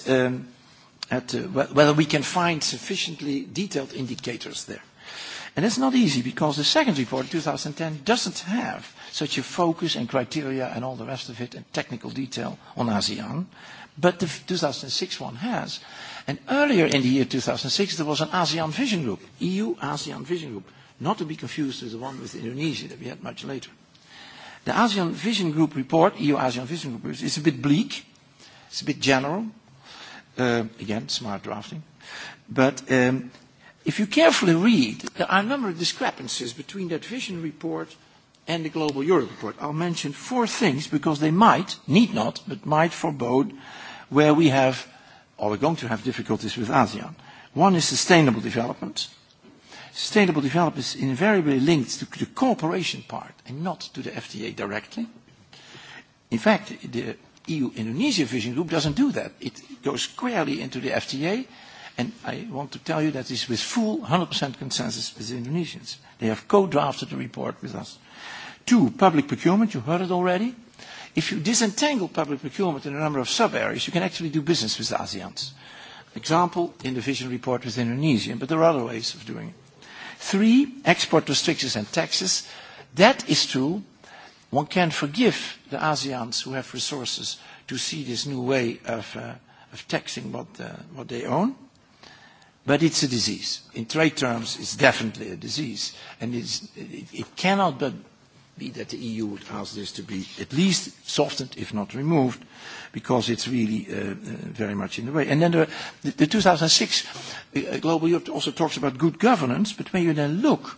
whether we can find sufficiently detailed indicators there. And it's not easy because the second report, 2010, doesn't have such a focus and criteria and all the rest of it and technical detail on ASEAN, but the 2006 one has. And earlier in the year 2006, there was an ASEAN Vision Group, EU-ASEAN Vision Group, not to be confused with the one with Indonesia that we had much later. The ASEAN Vision Group report, EU-ASEAN Vision Group, is a bit bleak, it's a bit general, again, smart drafting, but if you carefully read, there are a number of discrepancies between that vision report and the Global Europe report. I'll mention four things because they might, need not, but might forebode where we have or we're going to have difficulties with ASEAN. One is sustainable development. Sustainable development is invariably linked to the cooperation part and not to the FTA directly. In fact, the EU-Indonesia Vision Group doesn't do that. It goes squarely into the FTA, and I want to tell you that is with full 100% consensus with the Indonesians. They have co-drafted the report with us. Two, public procurement. You heard it already. If you disentangle public procurement in a number of sub-areas, you can actually do business with the ASEANs. Example, in the vision report with Indonesia, but there are other ways of doing it. Three, export restrictions and taxes. That is true. One can forgive the ASEANs who have resources to see this new way of taxing what they own. But it's a disease. In trade terms, it's definitely a disease. And it cannot but be that the EU would ask this to be at least softened, if not removed, because it's really very much in the way. And then the 2006 Global Europe also talks about good governance, but when you then look,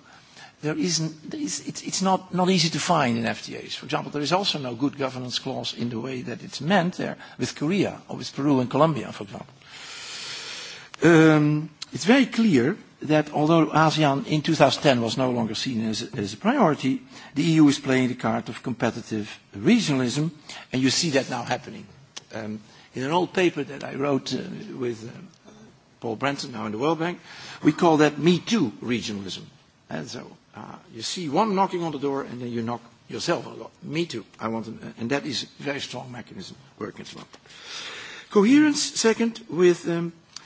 there isn't, it's not not easy to find in FTAs. For example, there is also no good governance clause in the way that it's meant there with Korea or with Peru and Colombia, for example. It's very clear that although ASEAN in 2010 was no longer seen as a priority, the EU is playing the card of competitive regionalism, and you see that now happening. In an old paper that I wrote with Paul Branson, now in the World Bank, we call that Me Too regionalism. And so you see one knocking on the door, and then you knock yourself a lot. Me Too. I want, and that is a very strong mechanism working as well. Coherence, second, with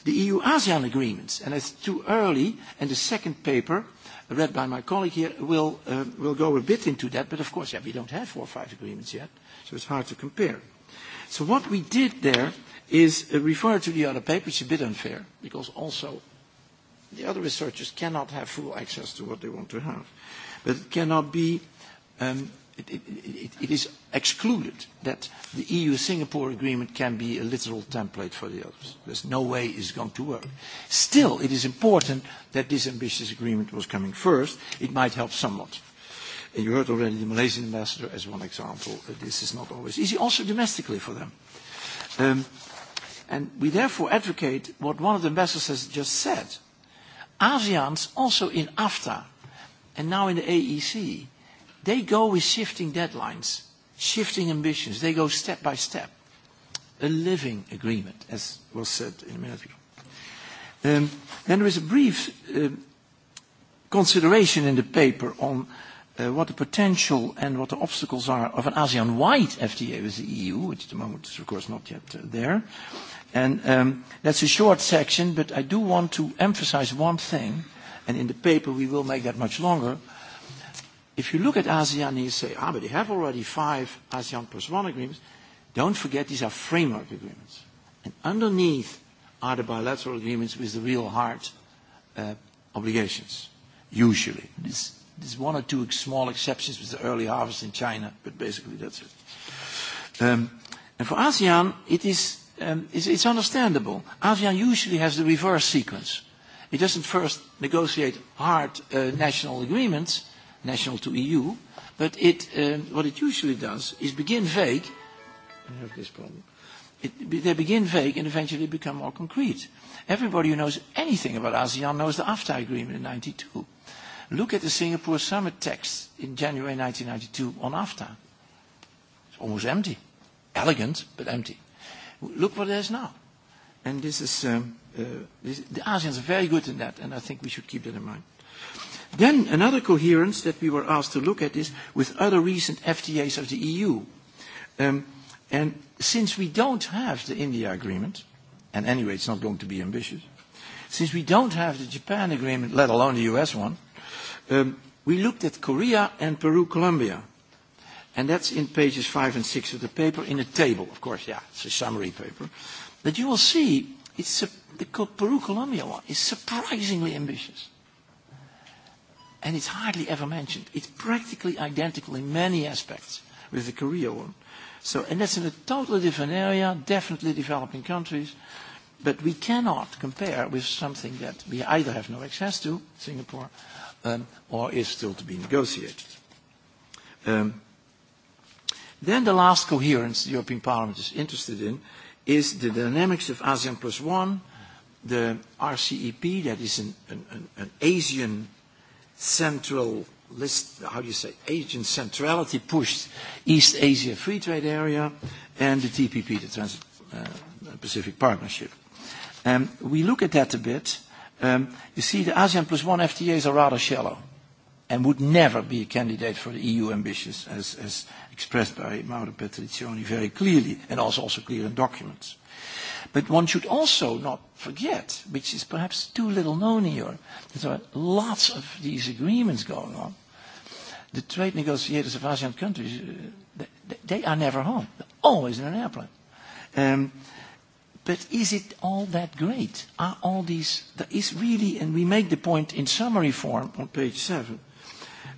the EU-ASEAN agreements. And it's too early, and the second paper, read by my colleague here, will go a bit into that. But of course, we don't have four or five agreements yet, so it's hard to compare. So what we did there is refer to the other paper. is a bit unfair, because also the other researchers cannot have full access to what they want to have. But it cannot be it is excluded that the EU-Singapore agreement can be a literal template for the others. There's no way it's going to work. Still, it is important that this ambitious agreement was coming first. It might help somewhat. And you heard already the Malaysian ambassador as one example. This is not always easy, also domestically for them. And we therefore advocate what one of the ambassadors has just said. ASEANs also in AFTA and now in the AEC They go with shifting deadlines, shifting ambitions. They go step by step. A living agreement, as was said in a minute ago. Then there is a brief consideration in the paper on what the potential and what the obstacles are of an ASEAN-wide FTA with the EU, which at the moment is, of course, not yet there. And that's a short section, but I do want to emphasize one thing, and in the paper we will make that much longer, If you look at ASEAN, and you say, ah, but they have already five ASEAN plus one agreements. Don't forget these are framework agreements. And underneath are the bilateral agreements with the real hard obligations, usually. There's one or two small exceptions with the early harvest in China, but basically that's it. And for ASEAN, it is it's understandable. ASEAN usually has the reverse sequence. It doesn't first negotiate hard national agreements national to EU, but it, what it usually does is begin vague. I have this problem. They begin vague and eventually become more concrete. Everybody who knows anything about ASEAN knows the AFTA agreement in 92. Look at the Singapore summit text in January 1992 on AFTA. It's almost empty. Elegant, but empty. Look what there is now. And this is, the ASEAN are very good in that, and I think we should keep that in mind. Then another coherence that we were asked to look at is with other recent FTAs of the EU. And since we don't have the India agreement, and anyway it's not going to be ambitious, since we don't have the Japan agreement, let alone the US one, we looked at Korea and Peru, Colombia. And that's in pages five and six of the paper, in a table, of course, yeah, it's a summary paper. That you will see, it's the Peru, Colombia one is surprisingly ambitious and it's hardly ever mentioned. It's practically identical in many aspects with the Korea one. So, and that's in a totally different area, definitely developing countries, but we cannot compare with something that we either have no access to, Singapore, or is still to be negotiated. Then the last coherence the European Parliament is interested in is the dynamics of ASEAN plus one, the RCEP, that is an Asian central list, how do you say, Asian centrality pushed East Asia Free Trade Area and the TPP, the Trans-Pacific Partnership. We look at that a bit. You see, the ASEAN plus one FTAs are rather shallow and would never be a candidate for the EU ambitions, as expressed by Mauro Petriccioni very clearly and also clear in documents. But one should also not forget, which is perhaps too little known in Europe, that there are lots of these agreements going on. The trade negotiators of ASEAN countries, they are never home. They're always in an airplane. But is it all that great? Are all these, there is really, and we make the point in summary form on page seven,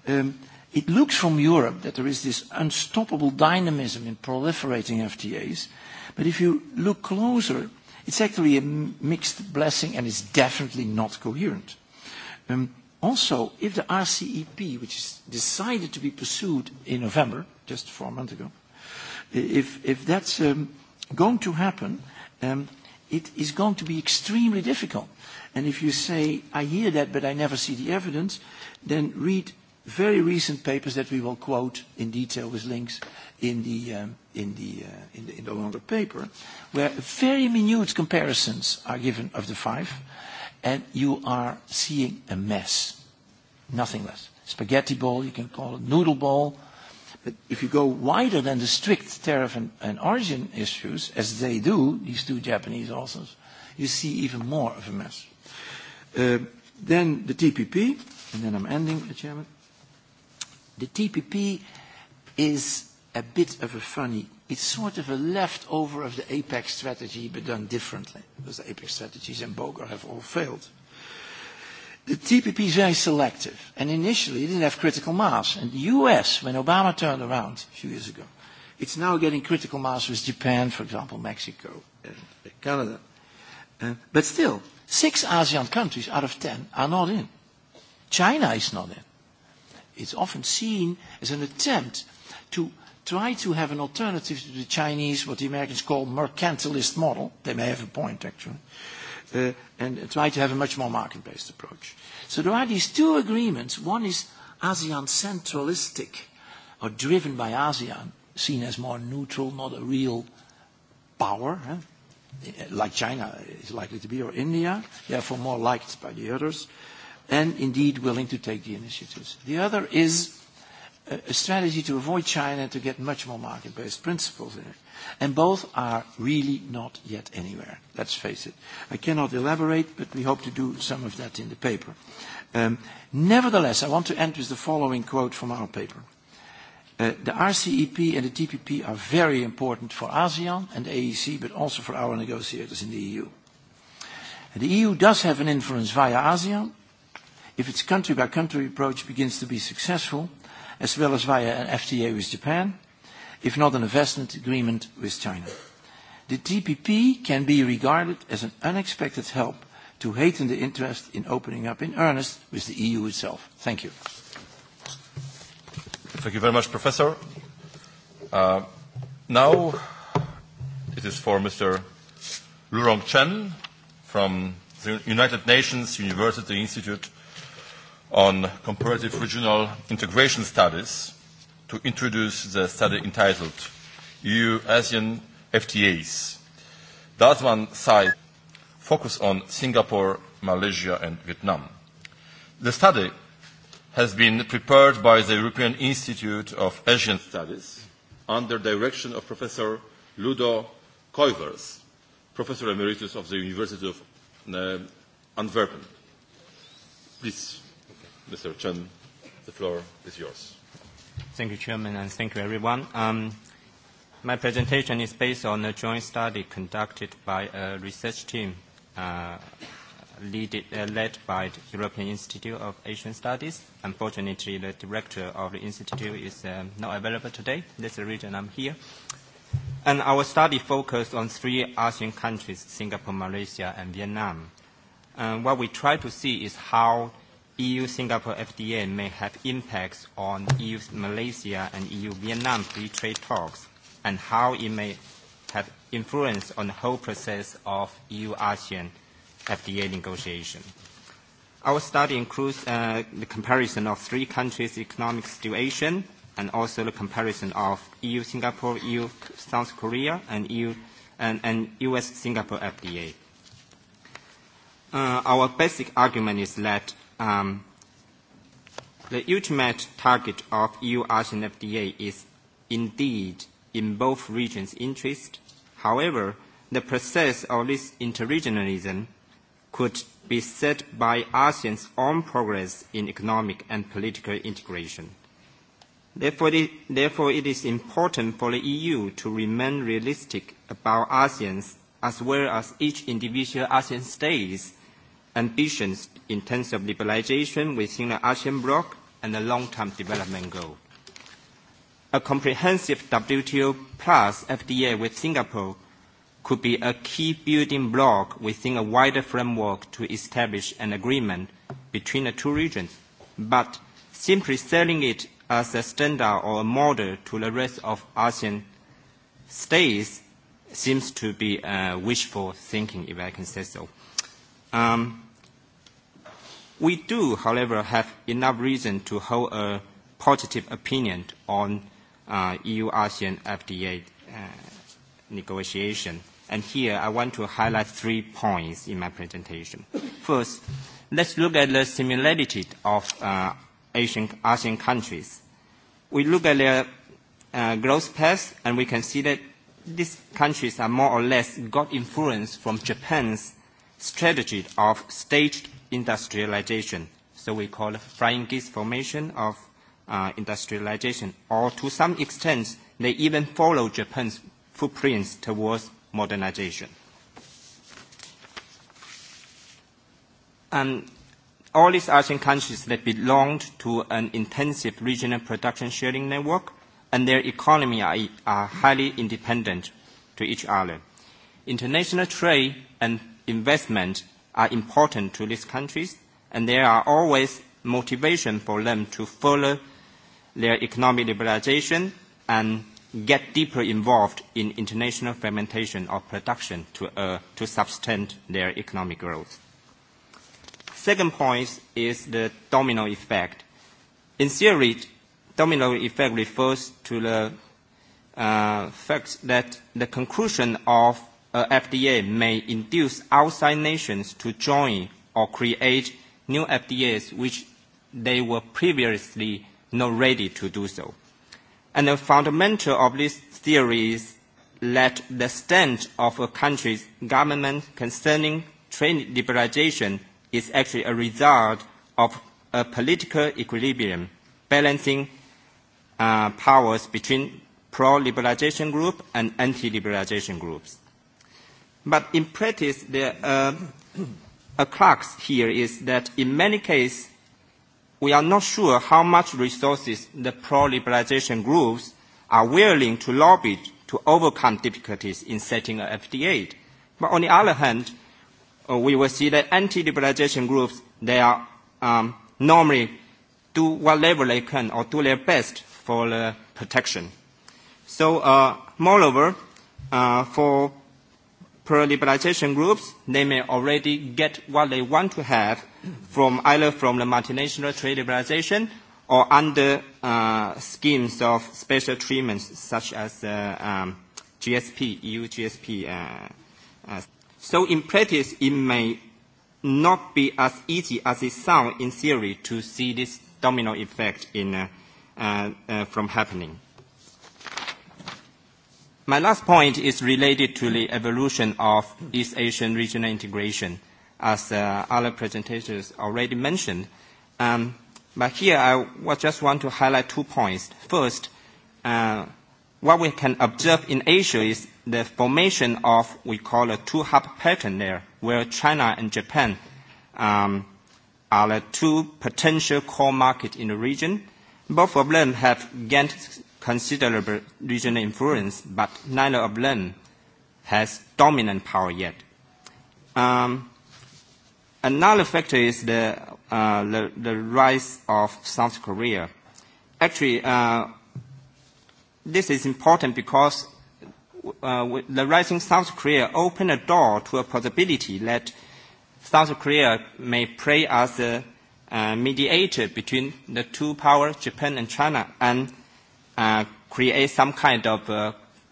it looks from Europe that there is this unstoppable dynamism in proliferating FTAs, But if you look closer, it's actually a mixed blessing and it's definitely not coherent. Also, if the RCEP, which is decided to be pursued in November, just four months ago, if that's going to happen, it is going to be extremely difficult. And if you say, I hear that, but I never see the evidence, then read very recent papers that we will quote in detail with links in the in the in the longer paper, where very minute comparisons are given of the five, and you are seeing a mess, nothing less. Spaghetti ball, you can call it noodle ball, but if you go wider than the strict tariff and origin issues, as they do, these two Japanese authors, you see even more of a mess. Then the TPP, and then I'm ending, Chairman. The TPP is a bit of a funny. It's sort of a leftover of the APEC strategy, but done differently, because the APEC strategies in Boga have all failed. The TPP is very selective, and initially it didn't have critical mass. And the U.S., when Obama turned around a few years ago, it's now getting critical mass with Japan, for example, Mexico, and Canada. But still, six ASEAN countries out of ten are not in. China is not in it's often seen as an attempt to try to have an alternative to the Chinese, what the Americans call mercantilist model. They may have a point, actually. And try to have a much more market-based approach. So there are these two agreements. One is ASEAN centralistic, or driven by ASEAN, seen as more neutral, not a real power, like China is likely to be, or India, therefore more liked by the others and indeed willing to take the initiatives. The other is a strategy to avoid China and to get much more market-based principles in it. And both are really not yet anywhere, let's face it. I cannot elaborate, but we hope to do some of that in the paper. Nevertheless, I want to end with the following quote from our paper. The RCEP and the TPP are very important for ASEAN and AEC, but also for our negotiators in the EU. The EU does have an influence via ASEAN, if its country-by-country approach begins to be successful, as well as via an FTA with Japan, if not an investment agreement with China. The TPP can be regarded as an unexpected help to heighten the interest in opening up in earnest with the EU itself. Thank you. Thank you very much, Professor. Now it is for Mr. Lurong Chen from the United Nations University Institute on comparative regional integration studies to introduce the study entitled EU-ASEAN FTAs. That one side focus on Singapore, Malaysia and Vietnam. The study has been prepared by the European Institute of Asian Studies under direction of Professor Ludo Koivers, Professor Emeritus of the University of Antwerpen. Please. Mr. Chen, the floor is yours. Thank you, Chairman, and thank you, everyone. My presentation is based on a joint study conducted by a research team led by the European Institute of Asian Studies. Unfortunately, the director of the institute is not available today. That's the reason I'm here. And our study focused on three Asian countries, Singapore, Malaysia, and Vietnam. What we try to see is how EU-Singapore FDA may have impacts on EU-Malaysia and EU-Vietnam free trade talks and how it may have influence on the whole process of EU-ASEAN FDA negotiation. Our study includes the comparison of three countries' economic situation and also the comparison of EU-Singapore, EU-South Korea, and US-Singapore FDA. Our basic argument is that The ultimate target of EU fda is indeed in both regions' interest. However, the process of this interregionalism could be set by ASEAN's own progress in economic and political integration. Therefore, it is important for the EU to remain realistic about ASEAN's, as well as each individual ASEAN state's, ambitions in terms of liberalization within the ASEAN bloc and the long-term development goal. A comprehensive WTO plus FDA with Singapore could be a key building block within a wider framework to establish an agreement between the two regions, but simply selling it as a standard or a model to the rest of ASEAN states seems to be wishful thinking, if I can say so. Um, We do, however, have enough reason to hold a positive opinion on EU-ASEAN FDA negotiation. And here I want to highlight three points in my presentation. First, let's look at the similarity of Asian ASEAN countries. We look at their growth paths and we can see that these countries are more or less got influence from Japan's strategy of staged industrialization. So we call it flying geese formation of industrialization. Or to some extent, they even follow Japan's footprints towards modernization. And All these Asian countries that belonged to an intensive regional production sharing network and their economy are highly independent to each other. International trade and investment are important to these countries, and there are always motivation for them to follow their economic liberalization and get deeper involved in international fragmentation of production to sustain their economic growth. Second point is the domino effect. In theory, domino effect refers to the fact that the conclusion of FDA may induce outside nations to join or create new FDAs which they were previously not ready to do so. And the fundamental of this theory is that the stance of a country's government concerning trade liberalization is actually a result of a political equilibrium, balancing powers between pro-liberalization groups and anti-liberalization groups. But in practice, the crux here is that in many cases, we are not sure how much resources the pro-liberalization groups are willing to lobby to overcome difficulties in setting an FTA. But on the other hand, we will see that anti-liberalization groups, they are normally do whatever they can or do their best for the protection. So, moreover, for pro-liberalization groups, they may already get what they want to have from either from the multinational trade liberalization or under schemes of special treatments such as GSP, EU GSP. So in practice, it may not be as easy as it sounds in theory to see this domino effect in from happening. My last point is related to the evolution of East Asian regional integration, as other presentations already mentioned. But here I just want to highlight two points. First, what we can observe in Asia is the formation of we call a two-hub pattern there, where China and Japan are the two potential core markets in the region. Both of them have gained considerable regional influence, but neither of them has dominant power yet. Another factor is the the rise of South Korea. Actually, this is important because the rising South Korea opened a door to a possibility that South Korea may play as a mediator between the two powers, Japan and China, and create some kind of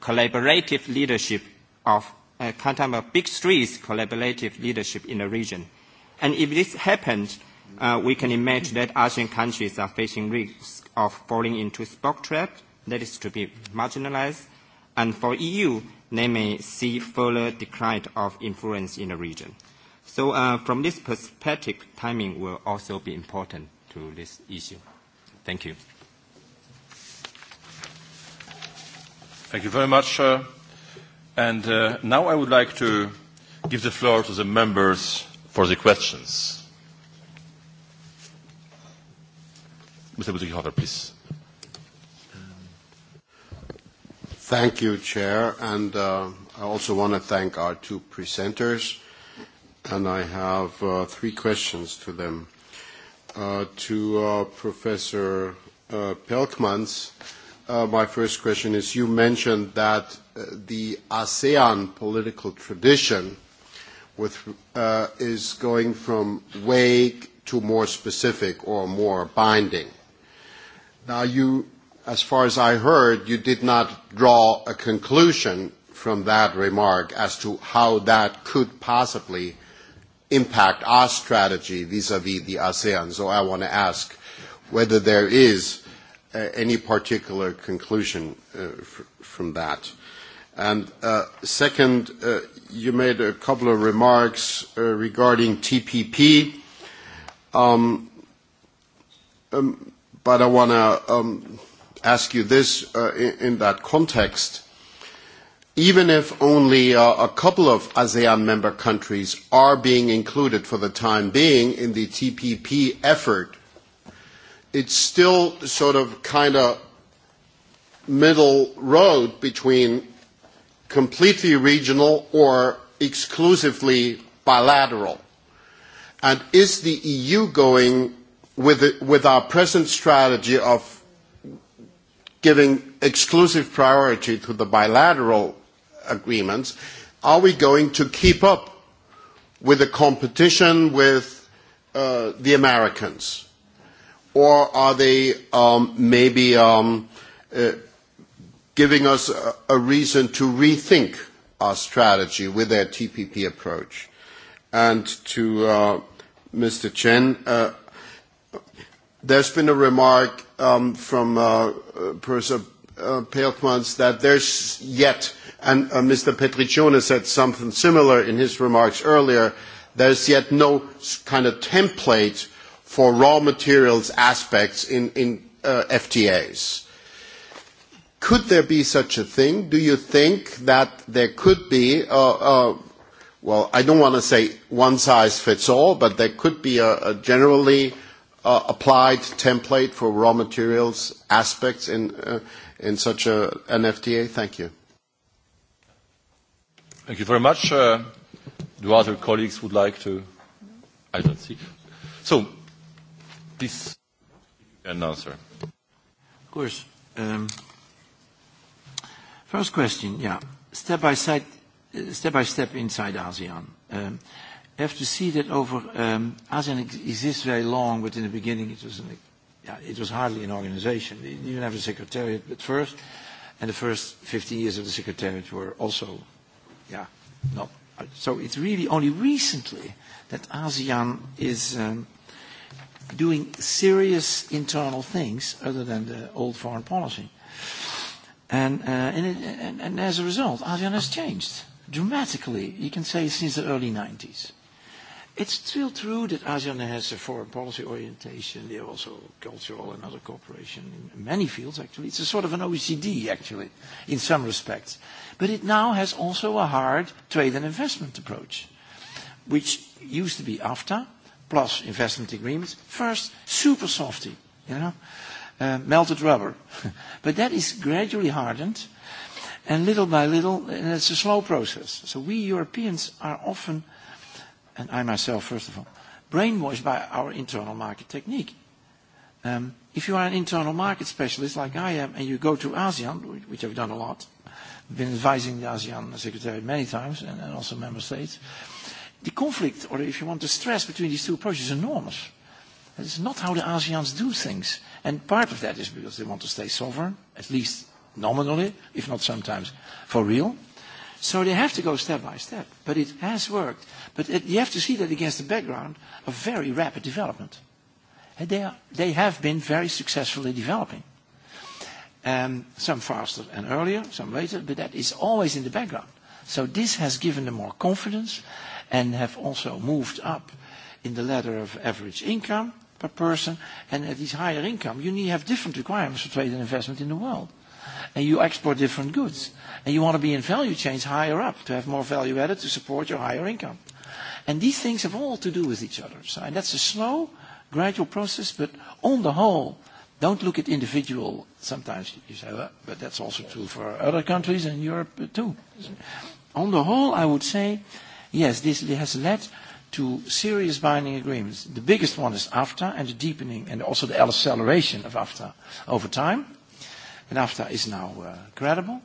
collaborative leadership of kind of big three's collaborative leadership in the region. And if this happens, we can imagine that Asian countries are facing risks of falling into spoke trap, that is to be marginalized, and for EU, they may see further decline of influence in the region. So from this perspective, timing will also be important to this issue. Thank you. Thank you very much. And now I would like to give the floor to the members for the questions. Mr. Butikofer, please. Thank you, Chair. And I also want to thank our two presenters. And I have three questions to them. To Professor Pelkmans, my first question is you mentioned that the ASEAN political tradition is going from vague to more specific or more binding. Now you, as far as I heard, you did not draw a conclusion from that remark as to how that could possibly impact our strategy vis-à-vis the ASEAN. So I want to ask whether there is any particular conclusion from that. And second, you made a couple of remarks regarding TPP, but I want to ask you this in that context. Even if only a couple of ASEAN member countries are being included for the time being in the TPP effort, it's still sort of kind of middle road between completely regional or exclusively bilateral. And is the EU going with our present strategy of giving exclusive priority to the bilateral agreements, are we going to keep up with the competition with the Americans? or are they maybe giving us a reason to rethink our strategy with their TPP approach? And to Mr. Chen, there's been a remark from Professor Peltmans that there's yet, and Mr. Petriccione said something similar in his remarks earlier, there's yet no kind of template for raw materials aspects in FTAs. Could there be such a thing? Do you think that there could be, well, I don't want to say one size fits all, but there could be a generally applied template for raw materials aspects in such an FTA? Thank you. Thank you very much. Do other colleagues would like to? I don't see. So Please, an answer. Of course. First question, yeah. Step by step inside ASEAN. You have to see that over ASEAN exists very long, but in the beginning it was it was hardly an organization. It didn't have a secretariat at first, and the first 15 years of the secretariat were also, yeah, not. So it's really only recently that ASEAN is doing serious internal things other than the old foreign policy. And, uh, and, and, as a result, ASEAN has changed dramatically, you can say, since the early 90s. It's still true that ASEAN has a foreign policy orientation. there also cultural and other cooperation in many fields, actually. It's a sort of an OECD, actually, in some respects. But it now has also a hard trade and investment approach, which used to be AFTA, plus investment agreements. First, super softy, you know, melted rubber. But that is gradually hardened, and little by little, and it's a slow process. So we Europeans are often, and I myself first of all, brainwashed by our internal market technique. If you are an internal market specialist like I am, and you go to ASEAN, which I've done a lot, been advising the ASEAN Secretary many times, and also member states, the conflict, or if you want the stress between these two approaches, is enormous. That is not how the ASEANs do things. And part of that is because they want to stay sovereign, at least nominally, if not sometimes for real. So they have to go step by step. But it has worked. But it, you have to see that against the background of very rapid development. And they, are, they have been very successfully developing. Um, some faster and earlier, some later, but that is always in the background. So this has given them more confidence and have also moved up in the ladder of average income per person. And at this higher income, you need have different requirements for trade and investment in the world. And you export different goods. And you want to be in value chains higher up to have more value added to support your higher income. And these things have all to do with each other. And that's a slow, gradual process, but on the whole, don't look at individual. Sometimes you say, but that's also true for other countries and Europe too. On the whole, I would say yes, this has led to serious binding agreements. The biggest one is AFTA and the deepening and also the acceleration of AFTA over time. And AFTA is now credible.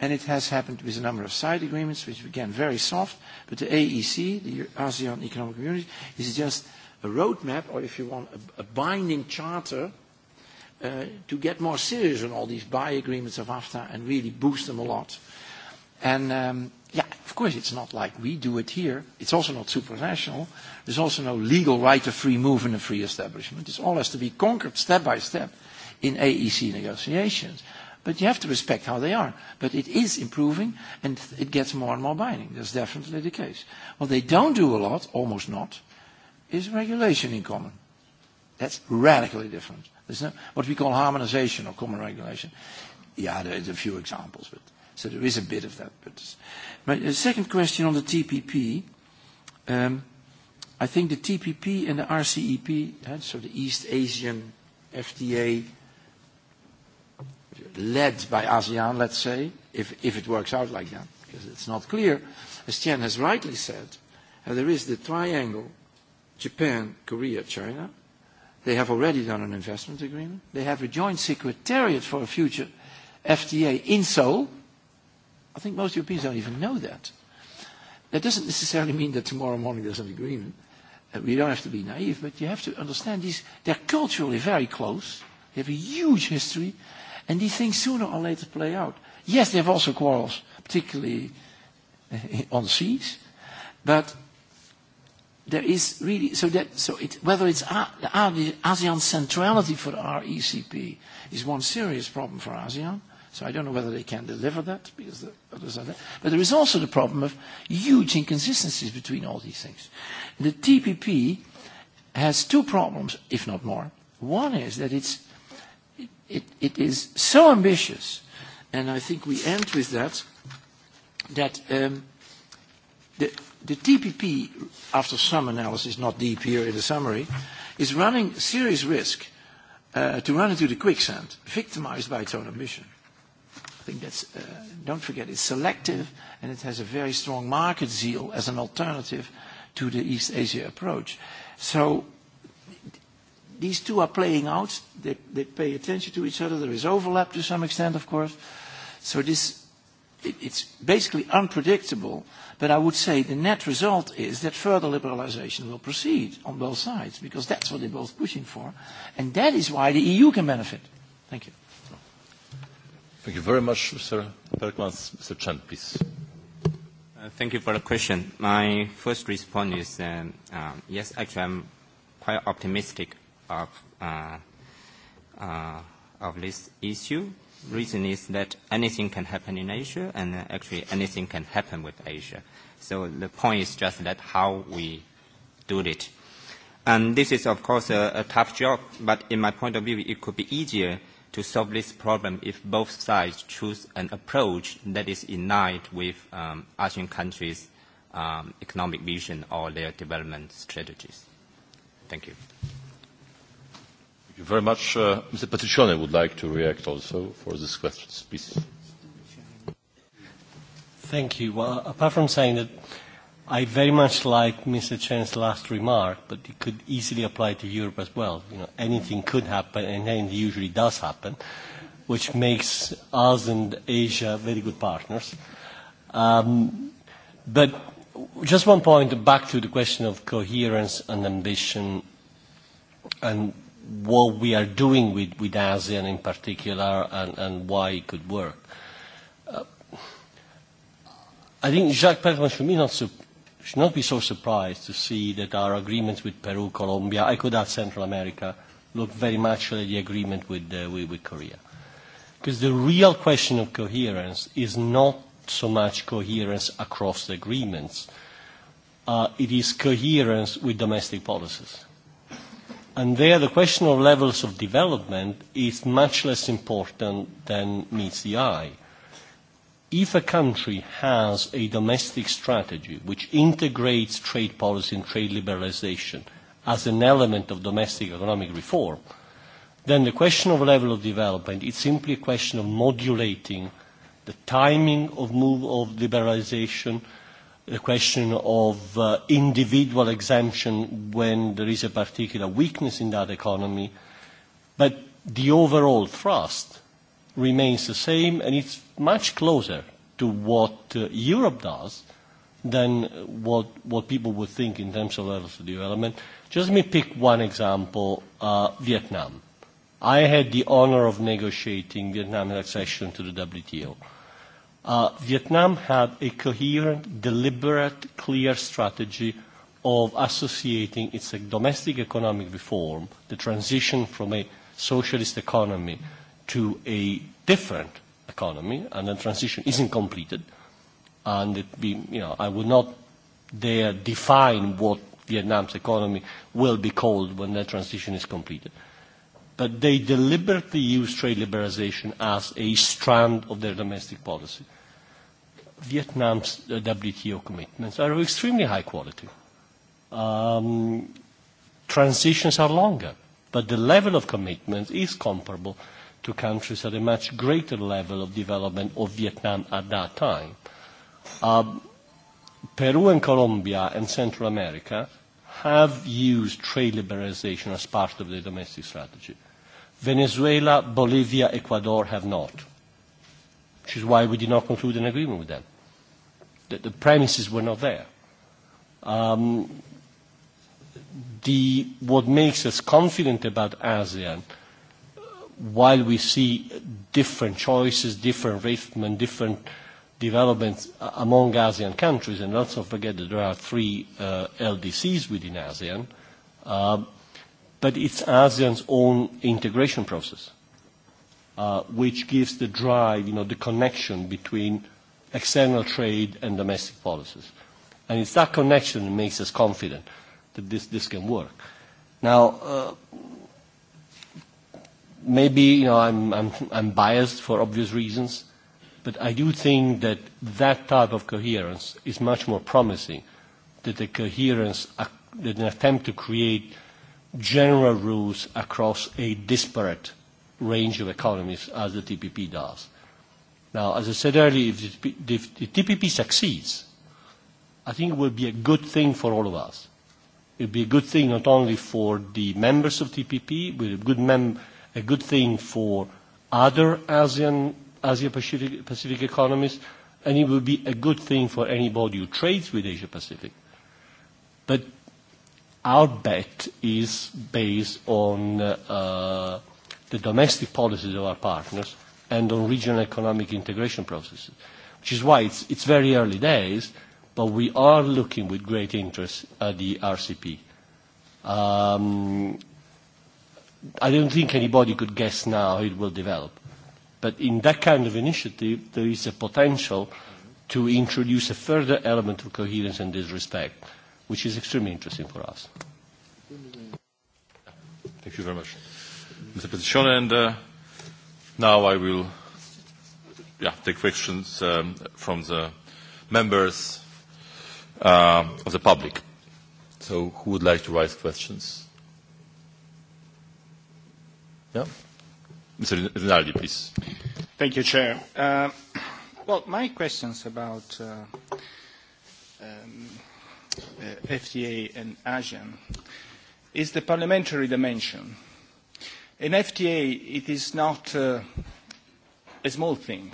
And it has happened with a number of side agreements, which began very soft. But the AEC, the ASEAN Economic Community, is just a roadmap, or if you want, a binding charter to get more serious on all these buy agreements of AFTA and really boost them a lot. And yeah, Of course, it's not like we do it here. It's also not supranational. There's also no legal right to free movement and free establishment. This all has to be conquered step by step in AEC negotiations. But you have to respect how they are. But it is improving, and it gets more and more binding. That's definitely the case. What they don't do a lot, almost not, is regulation in common. That's radically different. There's no, what we call harmonization or common regulation. Yeah, there are a few examples, but So there is a bit of that. But my second question on the TPP, I think the TPP and the RCEP, so the East Asian FTA led by ASEAN, let's say, if if it works out like that, because it's not clear, as Tian has rightly said, there is the triangle, Japan, Korea, China. They have already done an investment agreement. They have a joint secretariat for a future FTA in Seoul. I think most Europeans don't even know that. That doesn't necessarily mean that tomorrow morning there's an agreement. We don't have to be naive, but you have to understand these. They're culturally very close. They have a huge history, and these things sooner or later play out. Yes, they have also quarrels, particularly on seas, but there is really so that so it whether it's the ASEAN centrality for the RECP is one serious problem for ASEAN So I don't know whether they can deliver that, because others are there. But there is also the problem of huge inconsistencies between all these things. The TPP has two problems, if not more. One is that it's, it, it is so ambitious, and I think we end with that, that um, the, the TPP, after some analysis, not deep here in the summary, is running serious risk to run into the quicksand, victimized by its own ambition think that's, don't forget, it's selective and it has a very strong market zeal as an alternative to the East Asia approach. So these two are playing out. They, pay attention to each other. There is overlap to some extent, of course. So this, it's basically unpredictable. But I would say the net result is that further liberalization will proceed on both sides because that's what they're both pushing for. And that is why the EU can benefit. Thank you. Thank you very much, Mr. Bergmans. Mr. Chen, please. Thank you for the question. My first response is, yes, actually, I'm quite optimistic of of this issue. Reason is that anything can happen in Asia, and actually anything can happen with Asia. So the point is just that how we do it. And this is, of course, a tough job, but in my point of view, it could be easier to solve this problem if both sides choose an approach that is in line with Asian countries' economic vision or their development strategies. Thank you. Thank you very much. Mr. Patricione would like to react also for this question. please. Thank you. Well, apart from saying that I very much like Mr. Chen's last remark, but it could easily apply to Europe as well. You know, anything could happen, and anything usually does happen, which makes us and Asia very good partners. But just one point back to the question of coherence and ambition, and what we are doing with with ASEAN in particular, and and why it could work. I think Jacques Perrin should be not should not be so surprised to see that our agreements with Peru, Colombia, Ecuador, Central America look very much like the agreement with, with Korea. Because the real question of coherence is not so much coherence across the agreements. It is coherence with domestic policies. And there the question of levels of development is much less important than meets the eye. If a country has a domestic strategy which integrates trade policy and trade liberalization as an element of domestic economic reform, then the question of level of development is simply a question of modulating the timing of move of liberalisation, the question of individual exemption when there is a particular weakness in that economy, but the overall thrust remains the same and it's much closer to what Europe does than what what people would think in terms of levels of development. Just let me pick one example, Vietnam. I had the honor of negotiating Vietnam's accession to the WTO. Vietnam had a coherent, deliberate, clear strategy of associating its domestic economic reform, the transition from a socialist economy to a different economy, and the transition isn't completed. And it be, you know, I would not dare define what Vietnam's economy will be called when that transition is completed. But they deliberately use trade liberalisation as a strand of their domestic policy. Vietnam's WTO commitments are of extremely high quality. Transitions are longer, but the level of commitment is comparable to countries at a much greater level of development of Vietnam at that time. Peru and Colombia and Central America have used trade liberalization as part of their domestic strategy. Venezuela, Bolivia, Ecuador have not, which is why we did not conclude an agreement with them. The premises were not there. What makes us confident about ASEAN while we see different choices, different rhythm and different developments among ASEAN countries, and let's not forget that there are three LDCs within ASEAN, but it's ASEAN's own integration process, which gives the drive, you know, the connection between external trade and domestic policies. And it's that connection that makes us confident that this this can work. Now, maybe you know I'm I'm biased for obvious reasons, but I do think that that type of coherence is much more promising than the coherence than an attempt to create general rules across a disparate range of economies as the TPP does. Now, as I said earlier, if the TPP succeeds, I think it will be a good thing for all of us. It will be a good thing not only for the members of TPP, but a good mem a good thing for other ASEAN, Asia-Pacific economies, and it will be a good thing for anybody who trades with Asia-Pacific. But our bet is based on the domestic policies of our partners and on regional economic integration processes, which is why it's, very early days, but we are looking with great interest at the RCP. I don't think anybody could guess now how it will develop. But in that kind of initiative, there is a potential to introduce a further element of coherence and disrespect, respect, which is extremely interesting for us. Thank you very much, Mr. Petitione, And now I will take questions from the members of the public. So who would like to raise questions? Yeah. Mr. Rinaldi, please. Thank you, Chair. Well, my questions about FTA and ASEAN is the parliamentary dimension. In FTA, it is not a small thing.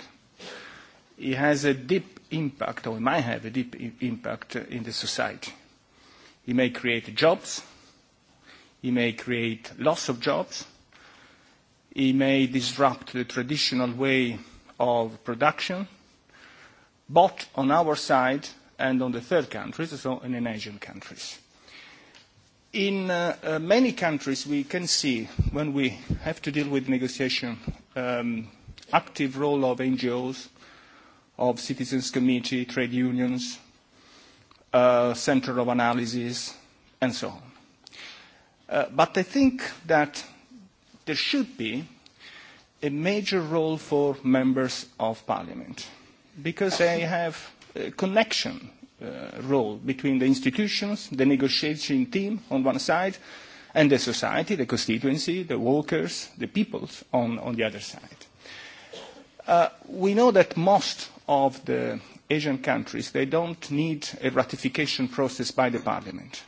It has a deep impact, or it might have a deep impact in the society. It may create jobs. It may create loss of jobs It may disrupt the traditional way of production, both on our side and on the third countries, so in Asian countries. In many countries, we can see, when we have to deal with negotiation, active role of NGOs, of citizens' committee, trade unions, center of analysis, and so on. But I think that there should be a major role for members of parliament because they have a connection role between the institutions, the negotiating team on one side, and the society, the constituency, the workers, the peoples on the other side. We know that most of the Asian countries, they don't need a ratification process by the parliament,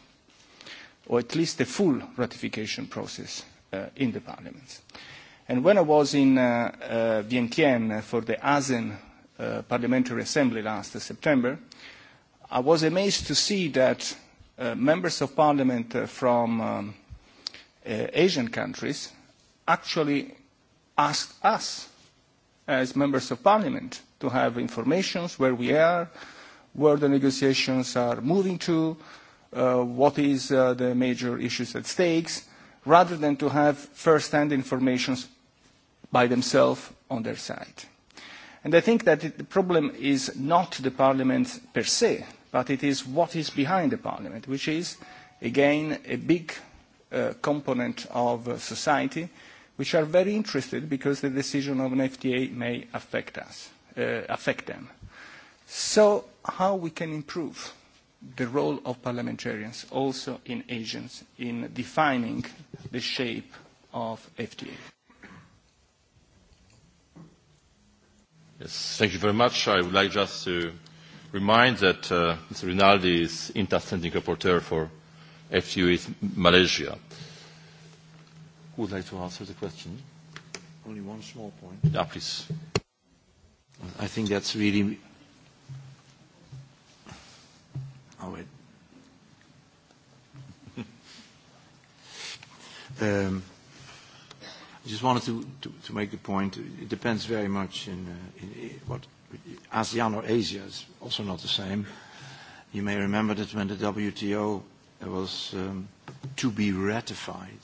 or at least a full ratification process in the Parliament. And when I was in Vientiane for the ASEAN Parliamentary Assembly last September, I was amazed to see that members of Parliament from Asian countries actually asked us, as members of Parliament, to have information where we are, where the negotiations are moving to, what is the major issues at stakes rather than to have first-hand information by themselves on their side. And I think that the problem is not the Parliament per se, but it is what is behind the Parliament, which is, again, a big component of society, which are very interested because the decision of an FTA may affect us, affect them. So how we can improve? the role of parliamentarians also in agents in defining the shape of FTA. Yes, thank you very much. I would like just to remind that Mr. Rinaldi is interstanding Reporter for FTA Malaysia. Who would like to answer the question? Only one small point. Yeah, please. I think that's really Oh, um, I just wanted to, to, make the point. It depends very much in, in what ASEAN or Asia is also not the same. You may remember that when the WTO was to be ratified,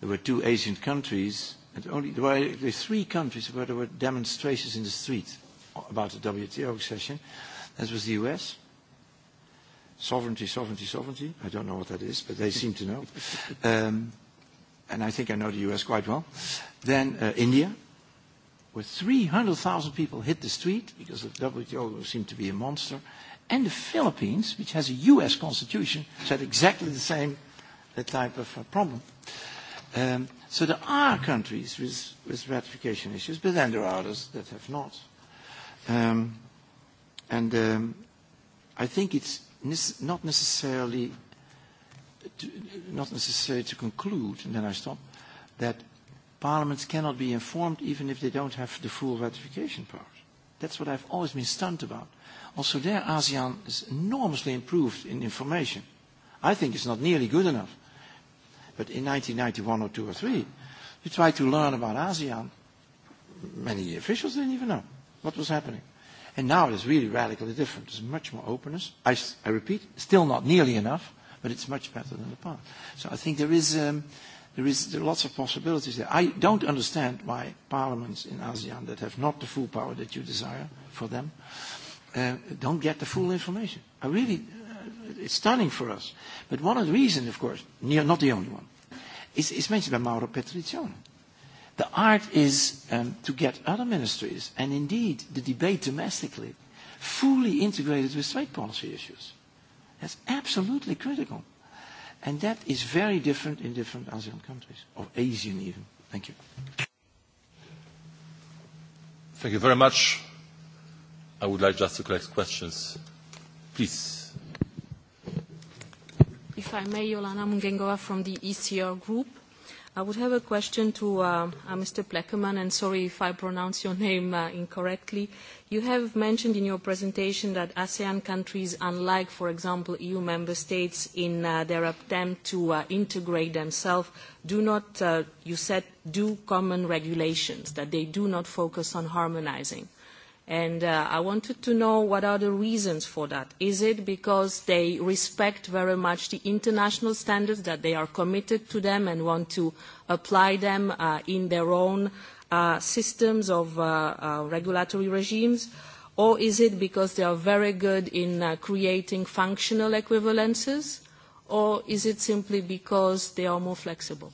there were two Asian countries, and only there were three countries where there were demonstrations in the street about the WTO accession. That was the U.S., sovereignty, sovereignty, sovereignty. I don't know what that is, but they seem to know. And I think I know the U.S. quite well. Then India, where 300,000 people hit the street because the WTO seemed to be a monster. And the Philippines, which has a U.S. constitution, had exactly the same type of problem. So there are countries with with ratification issues, but then there are others that have not. And I think it's not necessarily not necessary to conclude, and then I stop, that parliaments cannot be informed even if they don't have the full ratification powers. That's what I've always been stunned about. Also there, ASEAN is enormously improved in information. I think it's not nearly good enough. But in 1991 or two or three, you tried to learn about ASEAN. Many officials didn't even know what was happening. And now it is really radically different. There's much more openness. I, I repeat, still not nearly enough, but it's much better than the past. So I think there is, um, there is there are lots of possibilities there. I don't understand why parliaments in ASEAN that have not the full power that you desire for them don't get the full information. I really, uh, it's stunning for us. But one of the reasons, of course, not the only one, is, is mentioned by Mauro Petrizione. The art is to get other ministries and indeed the debate domestically fully integrated with trade policy issues. That's absolutely critical. And that is very different in different ASEAN countries, or Asian even. Thank you. Thank you very much. I would like just to collect questions. Please. If I may, Yolanda Mungengoa from the ECR Group. I would have a question to Mr. Pleckerman, and sorry if I pronounce your name incorrectly. You have mentioned in your presentation that ASEAN countries, unlike, for example, EU member states, in their attempt to integrate themselves, do not, you said, do common regulations, that they do not focus on harmonizing. And I wanted to know what are the reasons for that. Is it because they respect very much the international standards, that they are committed to them and want to apply them in their own systems of regulatory regimes? Or is it because they are very good in creating functional equivalences? Or is it simply because they are more flexible?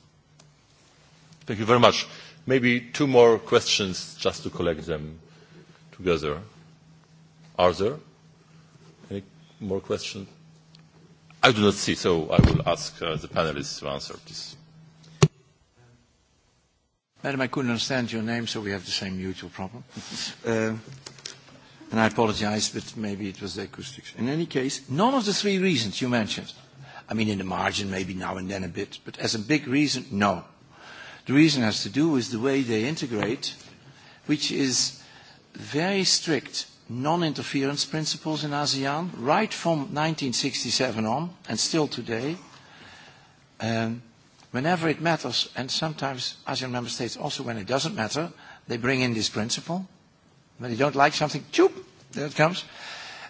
Thank you very much. Maybe two more questions just to collect them together. Are there any more questions? I do not see, so I will ask the panelists to answer, this. Madam, I couldn't understand your name, so we have the same mutual problem. And I apologize, but maybe it was the acoustics. In any case, none of the three reasons you mentioned. I mean, in the margin, maybe now and then a bit, but as a big reason, no. The reason has to do with the way they integrate, which is very strict non-interference principles in ASEAN right from 1967 on and still today. Whenever it matters, and sometimes ASEAN member states also when it doesn't matter, they bring in this principle. When they don't like something, choop, there it comes.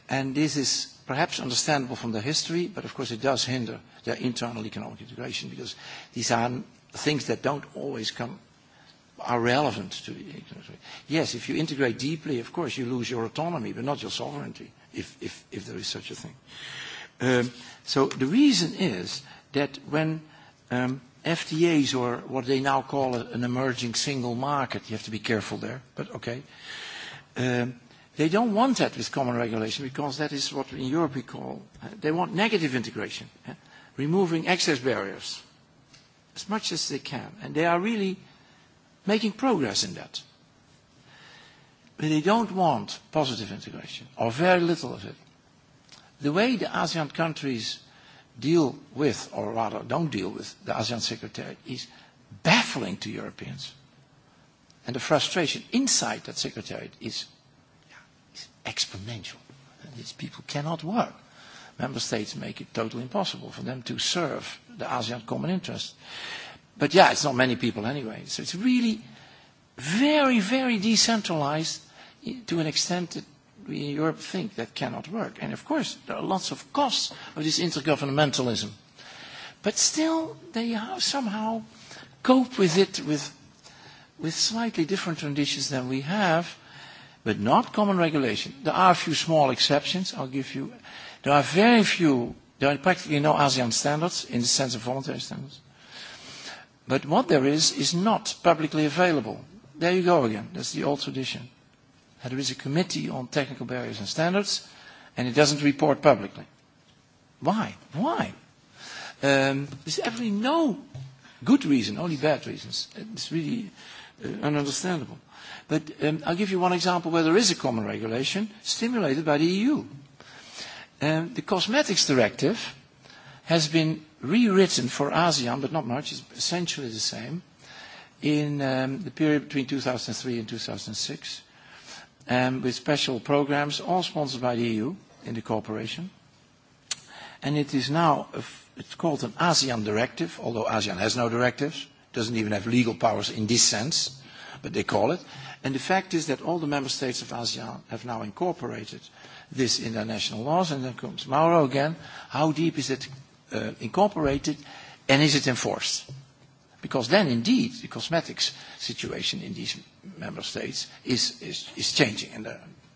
And this is perhaps understandable from their history, but of course it does hinder their internal economic integration because these are things that don't always come are relevant to the Yes, if you integrate deeply, of course, you lose your autonomy, but not your sovereignty, if, if, if there is such a thing. so the reason is that when um, FTAs, or what they now call an emerging single market, you have to be careful there, but okay, they don't want that with common regulation because that is what in Europe we call, they want negative integration, removing excess barriers as much as they can. And they are really making progress in that. But they don't want positive integration, or very little of it. The way the ASEAN countries deal with, or rather don't deal with, the ASEAN Secretariat is baffling to Europeans. And the frustration inside that Secretariat is exponential. These people cannot work. Member states make it totally impossible for them to serve the ASEAN common interest. But yeah, it's not many people anyway. So it's really very, very decentralized to an extent that we in Europe think that cannot work. And of course, there are lots of costs of this intergovernmentalism. But still, they somehow cope with it with, with slightly different conditions than we have, but not common regulation. There are a few small exceptions, I'll give you. There are very few, there are practically no ASEAN standards in the sense of voluntary standards. But what there is is not publicly available. There you go again. That's the old tradition. There is a committee on technical barriers and standards, and it doesn't report publicly. Why? Why? There's actually no good reason, only bad reasons. It's really ununderstandable. But I'll give you one example where there is a common regulation stimulated by the EU. The Cosmetics Directive has been rewritten for ASEAN, but not much, it's essentially the same, in the period between 2003 and 2006, with special programs, all sponsored by the EU in the cooperation. And it is now, it's called an ASEAN directive, although ASEAN has no directives, doesn't even have legal powers in this sense, but they call it. And the fact is that all the member states of ASEAN have now incorporated this in their national laws. And then comes Mauro again. How deep is it incorporated, and is it enforced? Because then, indeed, the cosmetics situation in these member states is is is changing, and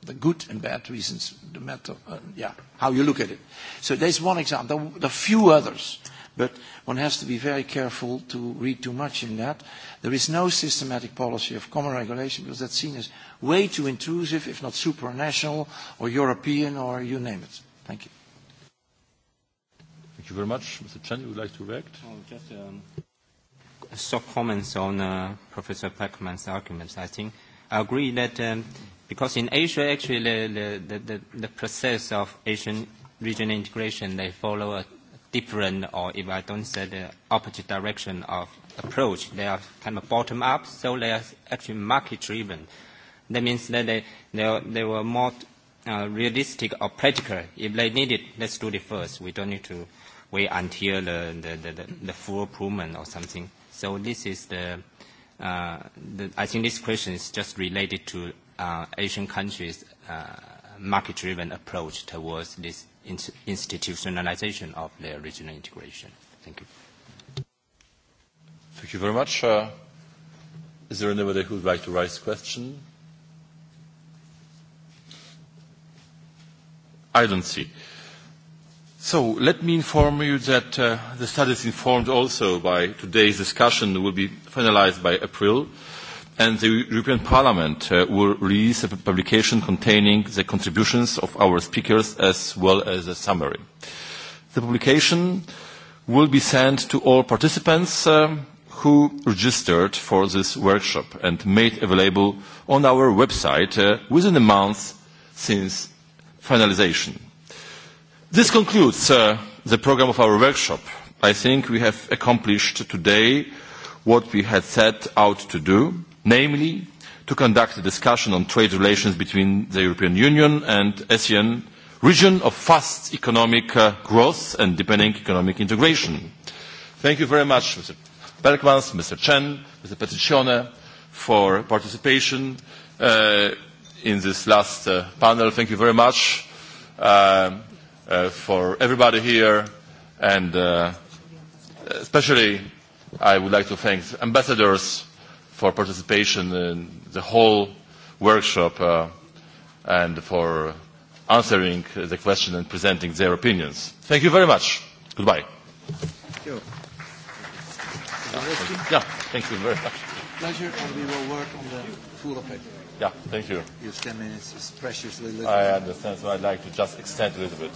the good and bad reasons, the matter, yeah, how you look at it. So there's one example. There are few others, but one has to be very careful to read too much in that. There is no systematic policy of common regulation because that's seen as way too intrusive, if not supranational or European or you name it. Thank you you very much. Mr. Chen, you like to react? Just short comments on Professor Peckman's arguments. I think I agree that because in Asia, actually, the the process of Asian regional integration, they follow a different, or if I don't say the opposite direction of approach, they are kind of bottom-up, so they are actually market-driven. That means that they they were more realistic or practical. If they need it, let's do it first. We don't need to wait until the, the, the, the full improvement or something. So this is the, uh, the I think this question is just related to uh, Asian countries' market-driven approach towards this institutionalization of their regional integration. Thank you. Thank you very much. is there anybody who would like to raise a question? I don't see. So let me inform you that the studies informed also by today's discussion will be finalized by April and the European Parliament will release a publication containing the contributions of our speakers as well as a summary. The publication will be sent to all participants who registered for this workshop and made available on our website within a month since finalization. This concludes the program of our workshop. I think we have accomplished today what we had set out to do, namely to conduct a discussion on trade relations between the European Union and ASEAN region of fast economic growth and deepening economic integration. Thank you very much, Mr. Bergmans, Mr. Chen, Mr. Petitione, for participation in this last panel. Thank you very much for everybody here, and especially I would like to thank ambassadors for participation in the whole workshop and for answering the question and presenting their opinions. Thank you very much. Goodbye. Thank you. Yeah, thank you very much. Pleasure, and we will work on the full opinion. Yeah, thank you. Your 10 minutes is I understand, so I'd like to just extend a little bit.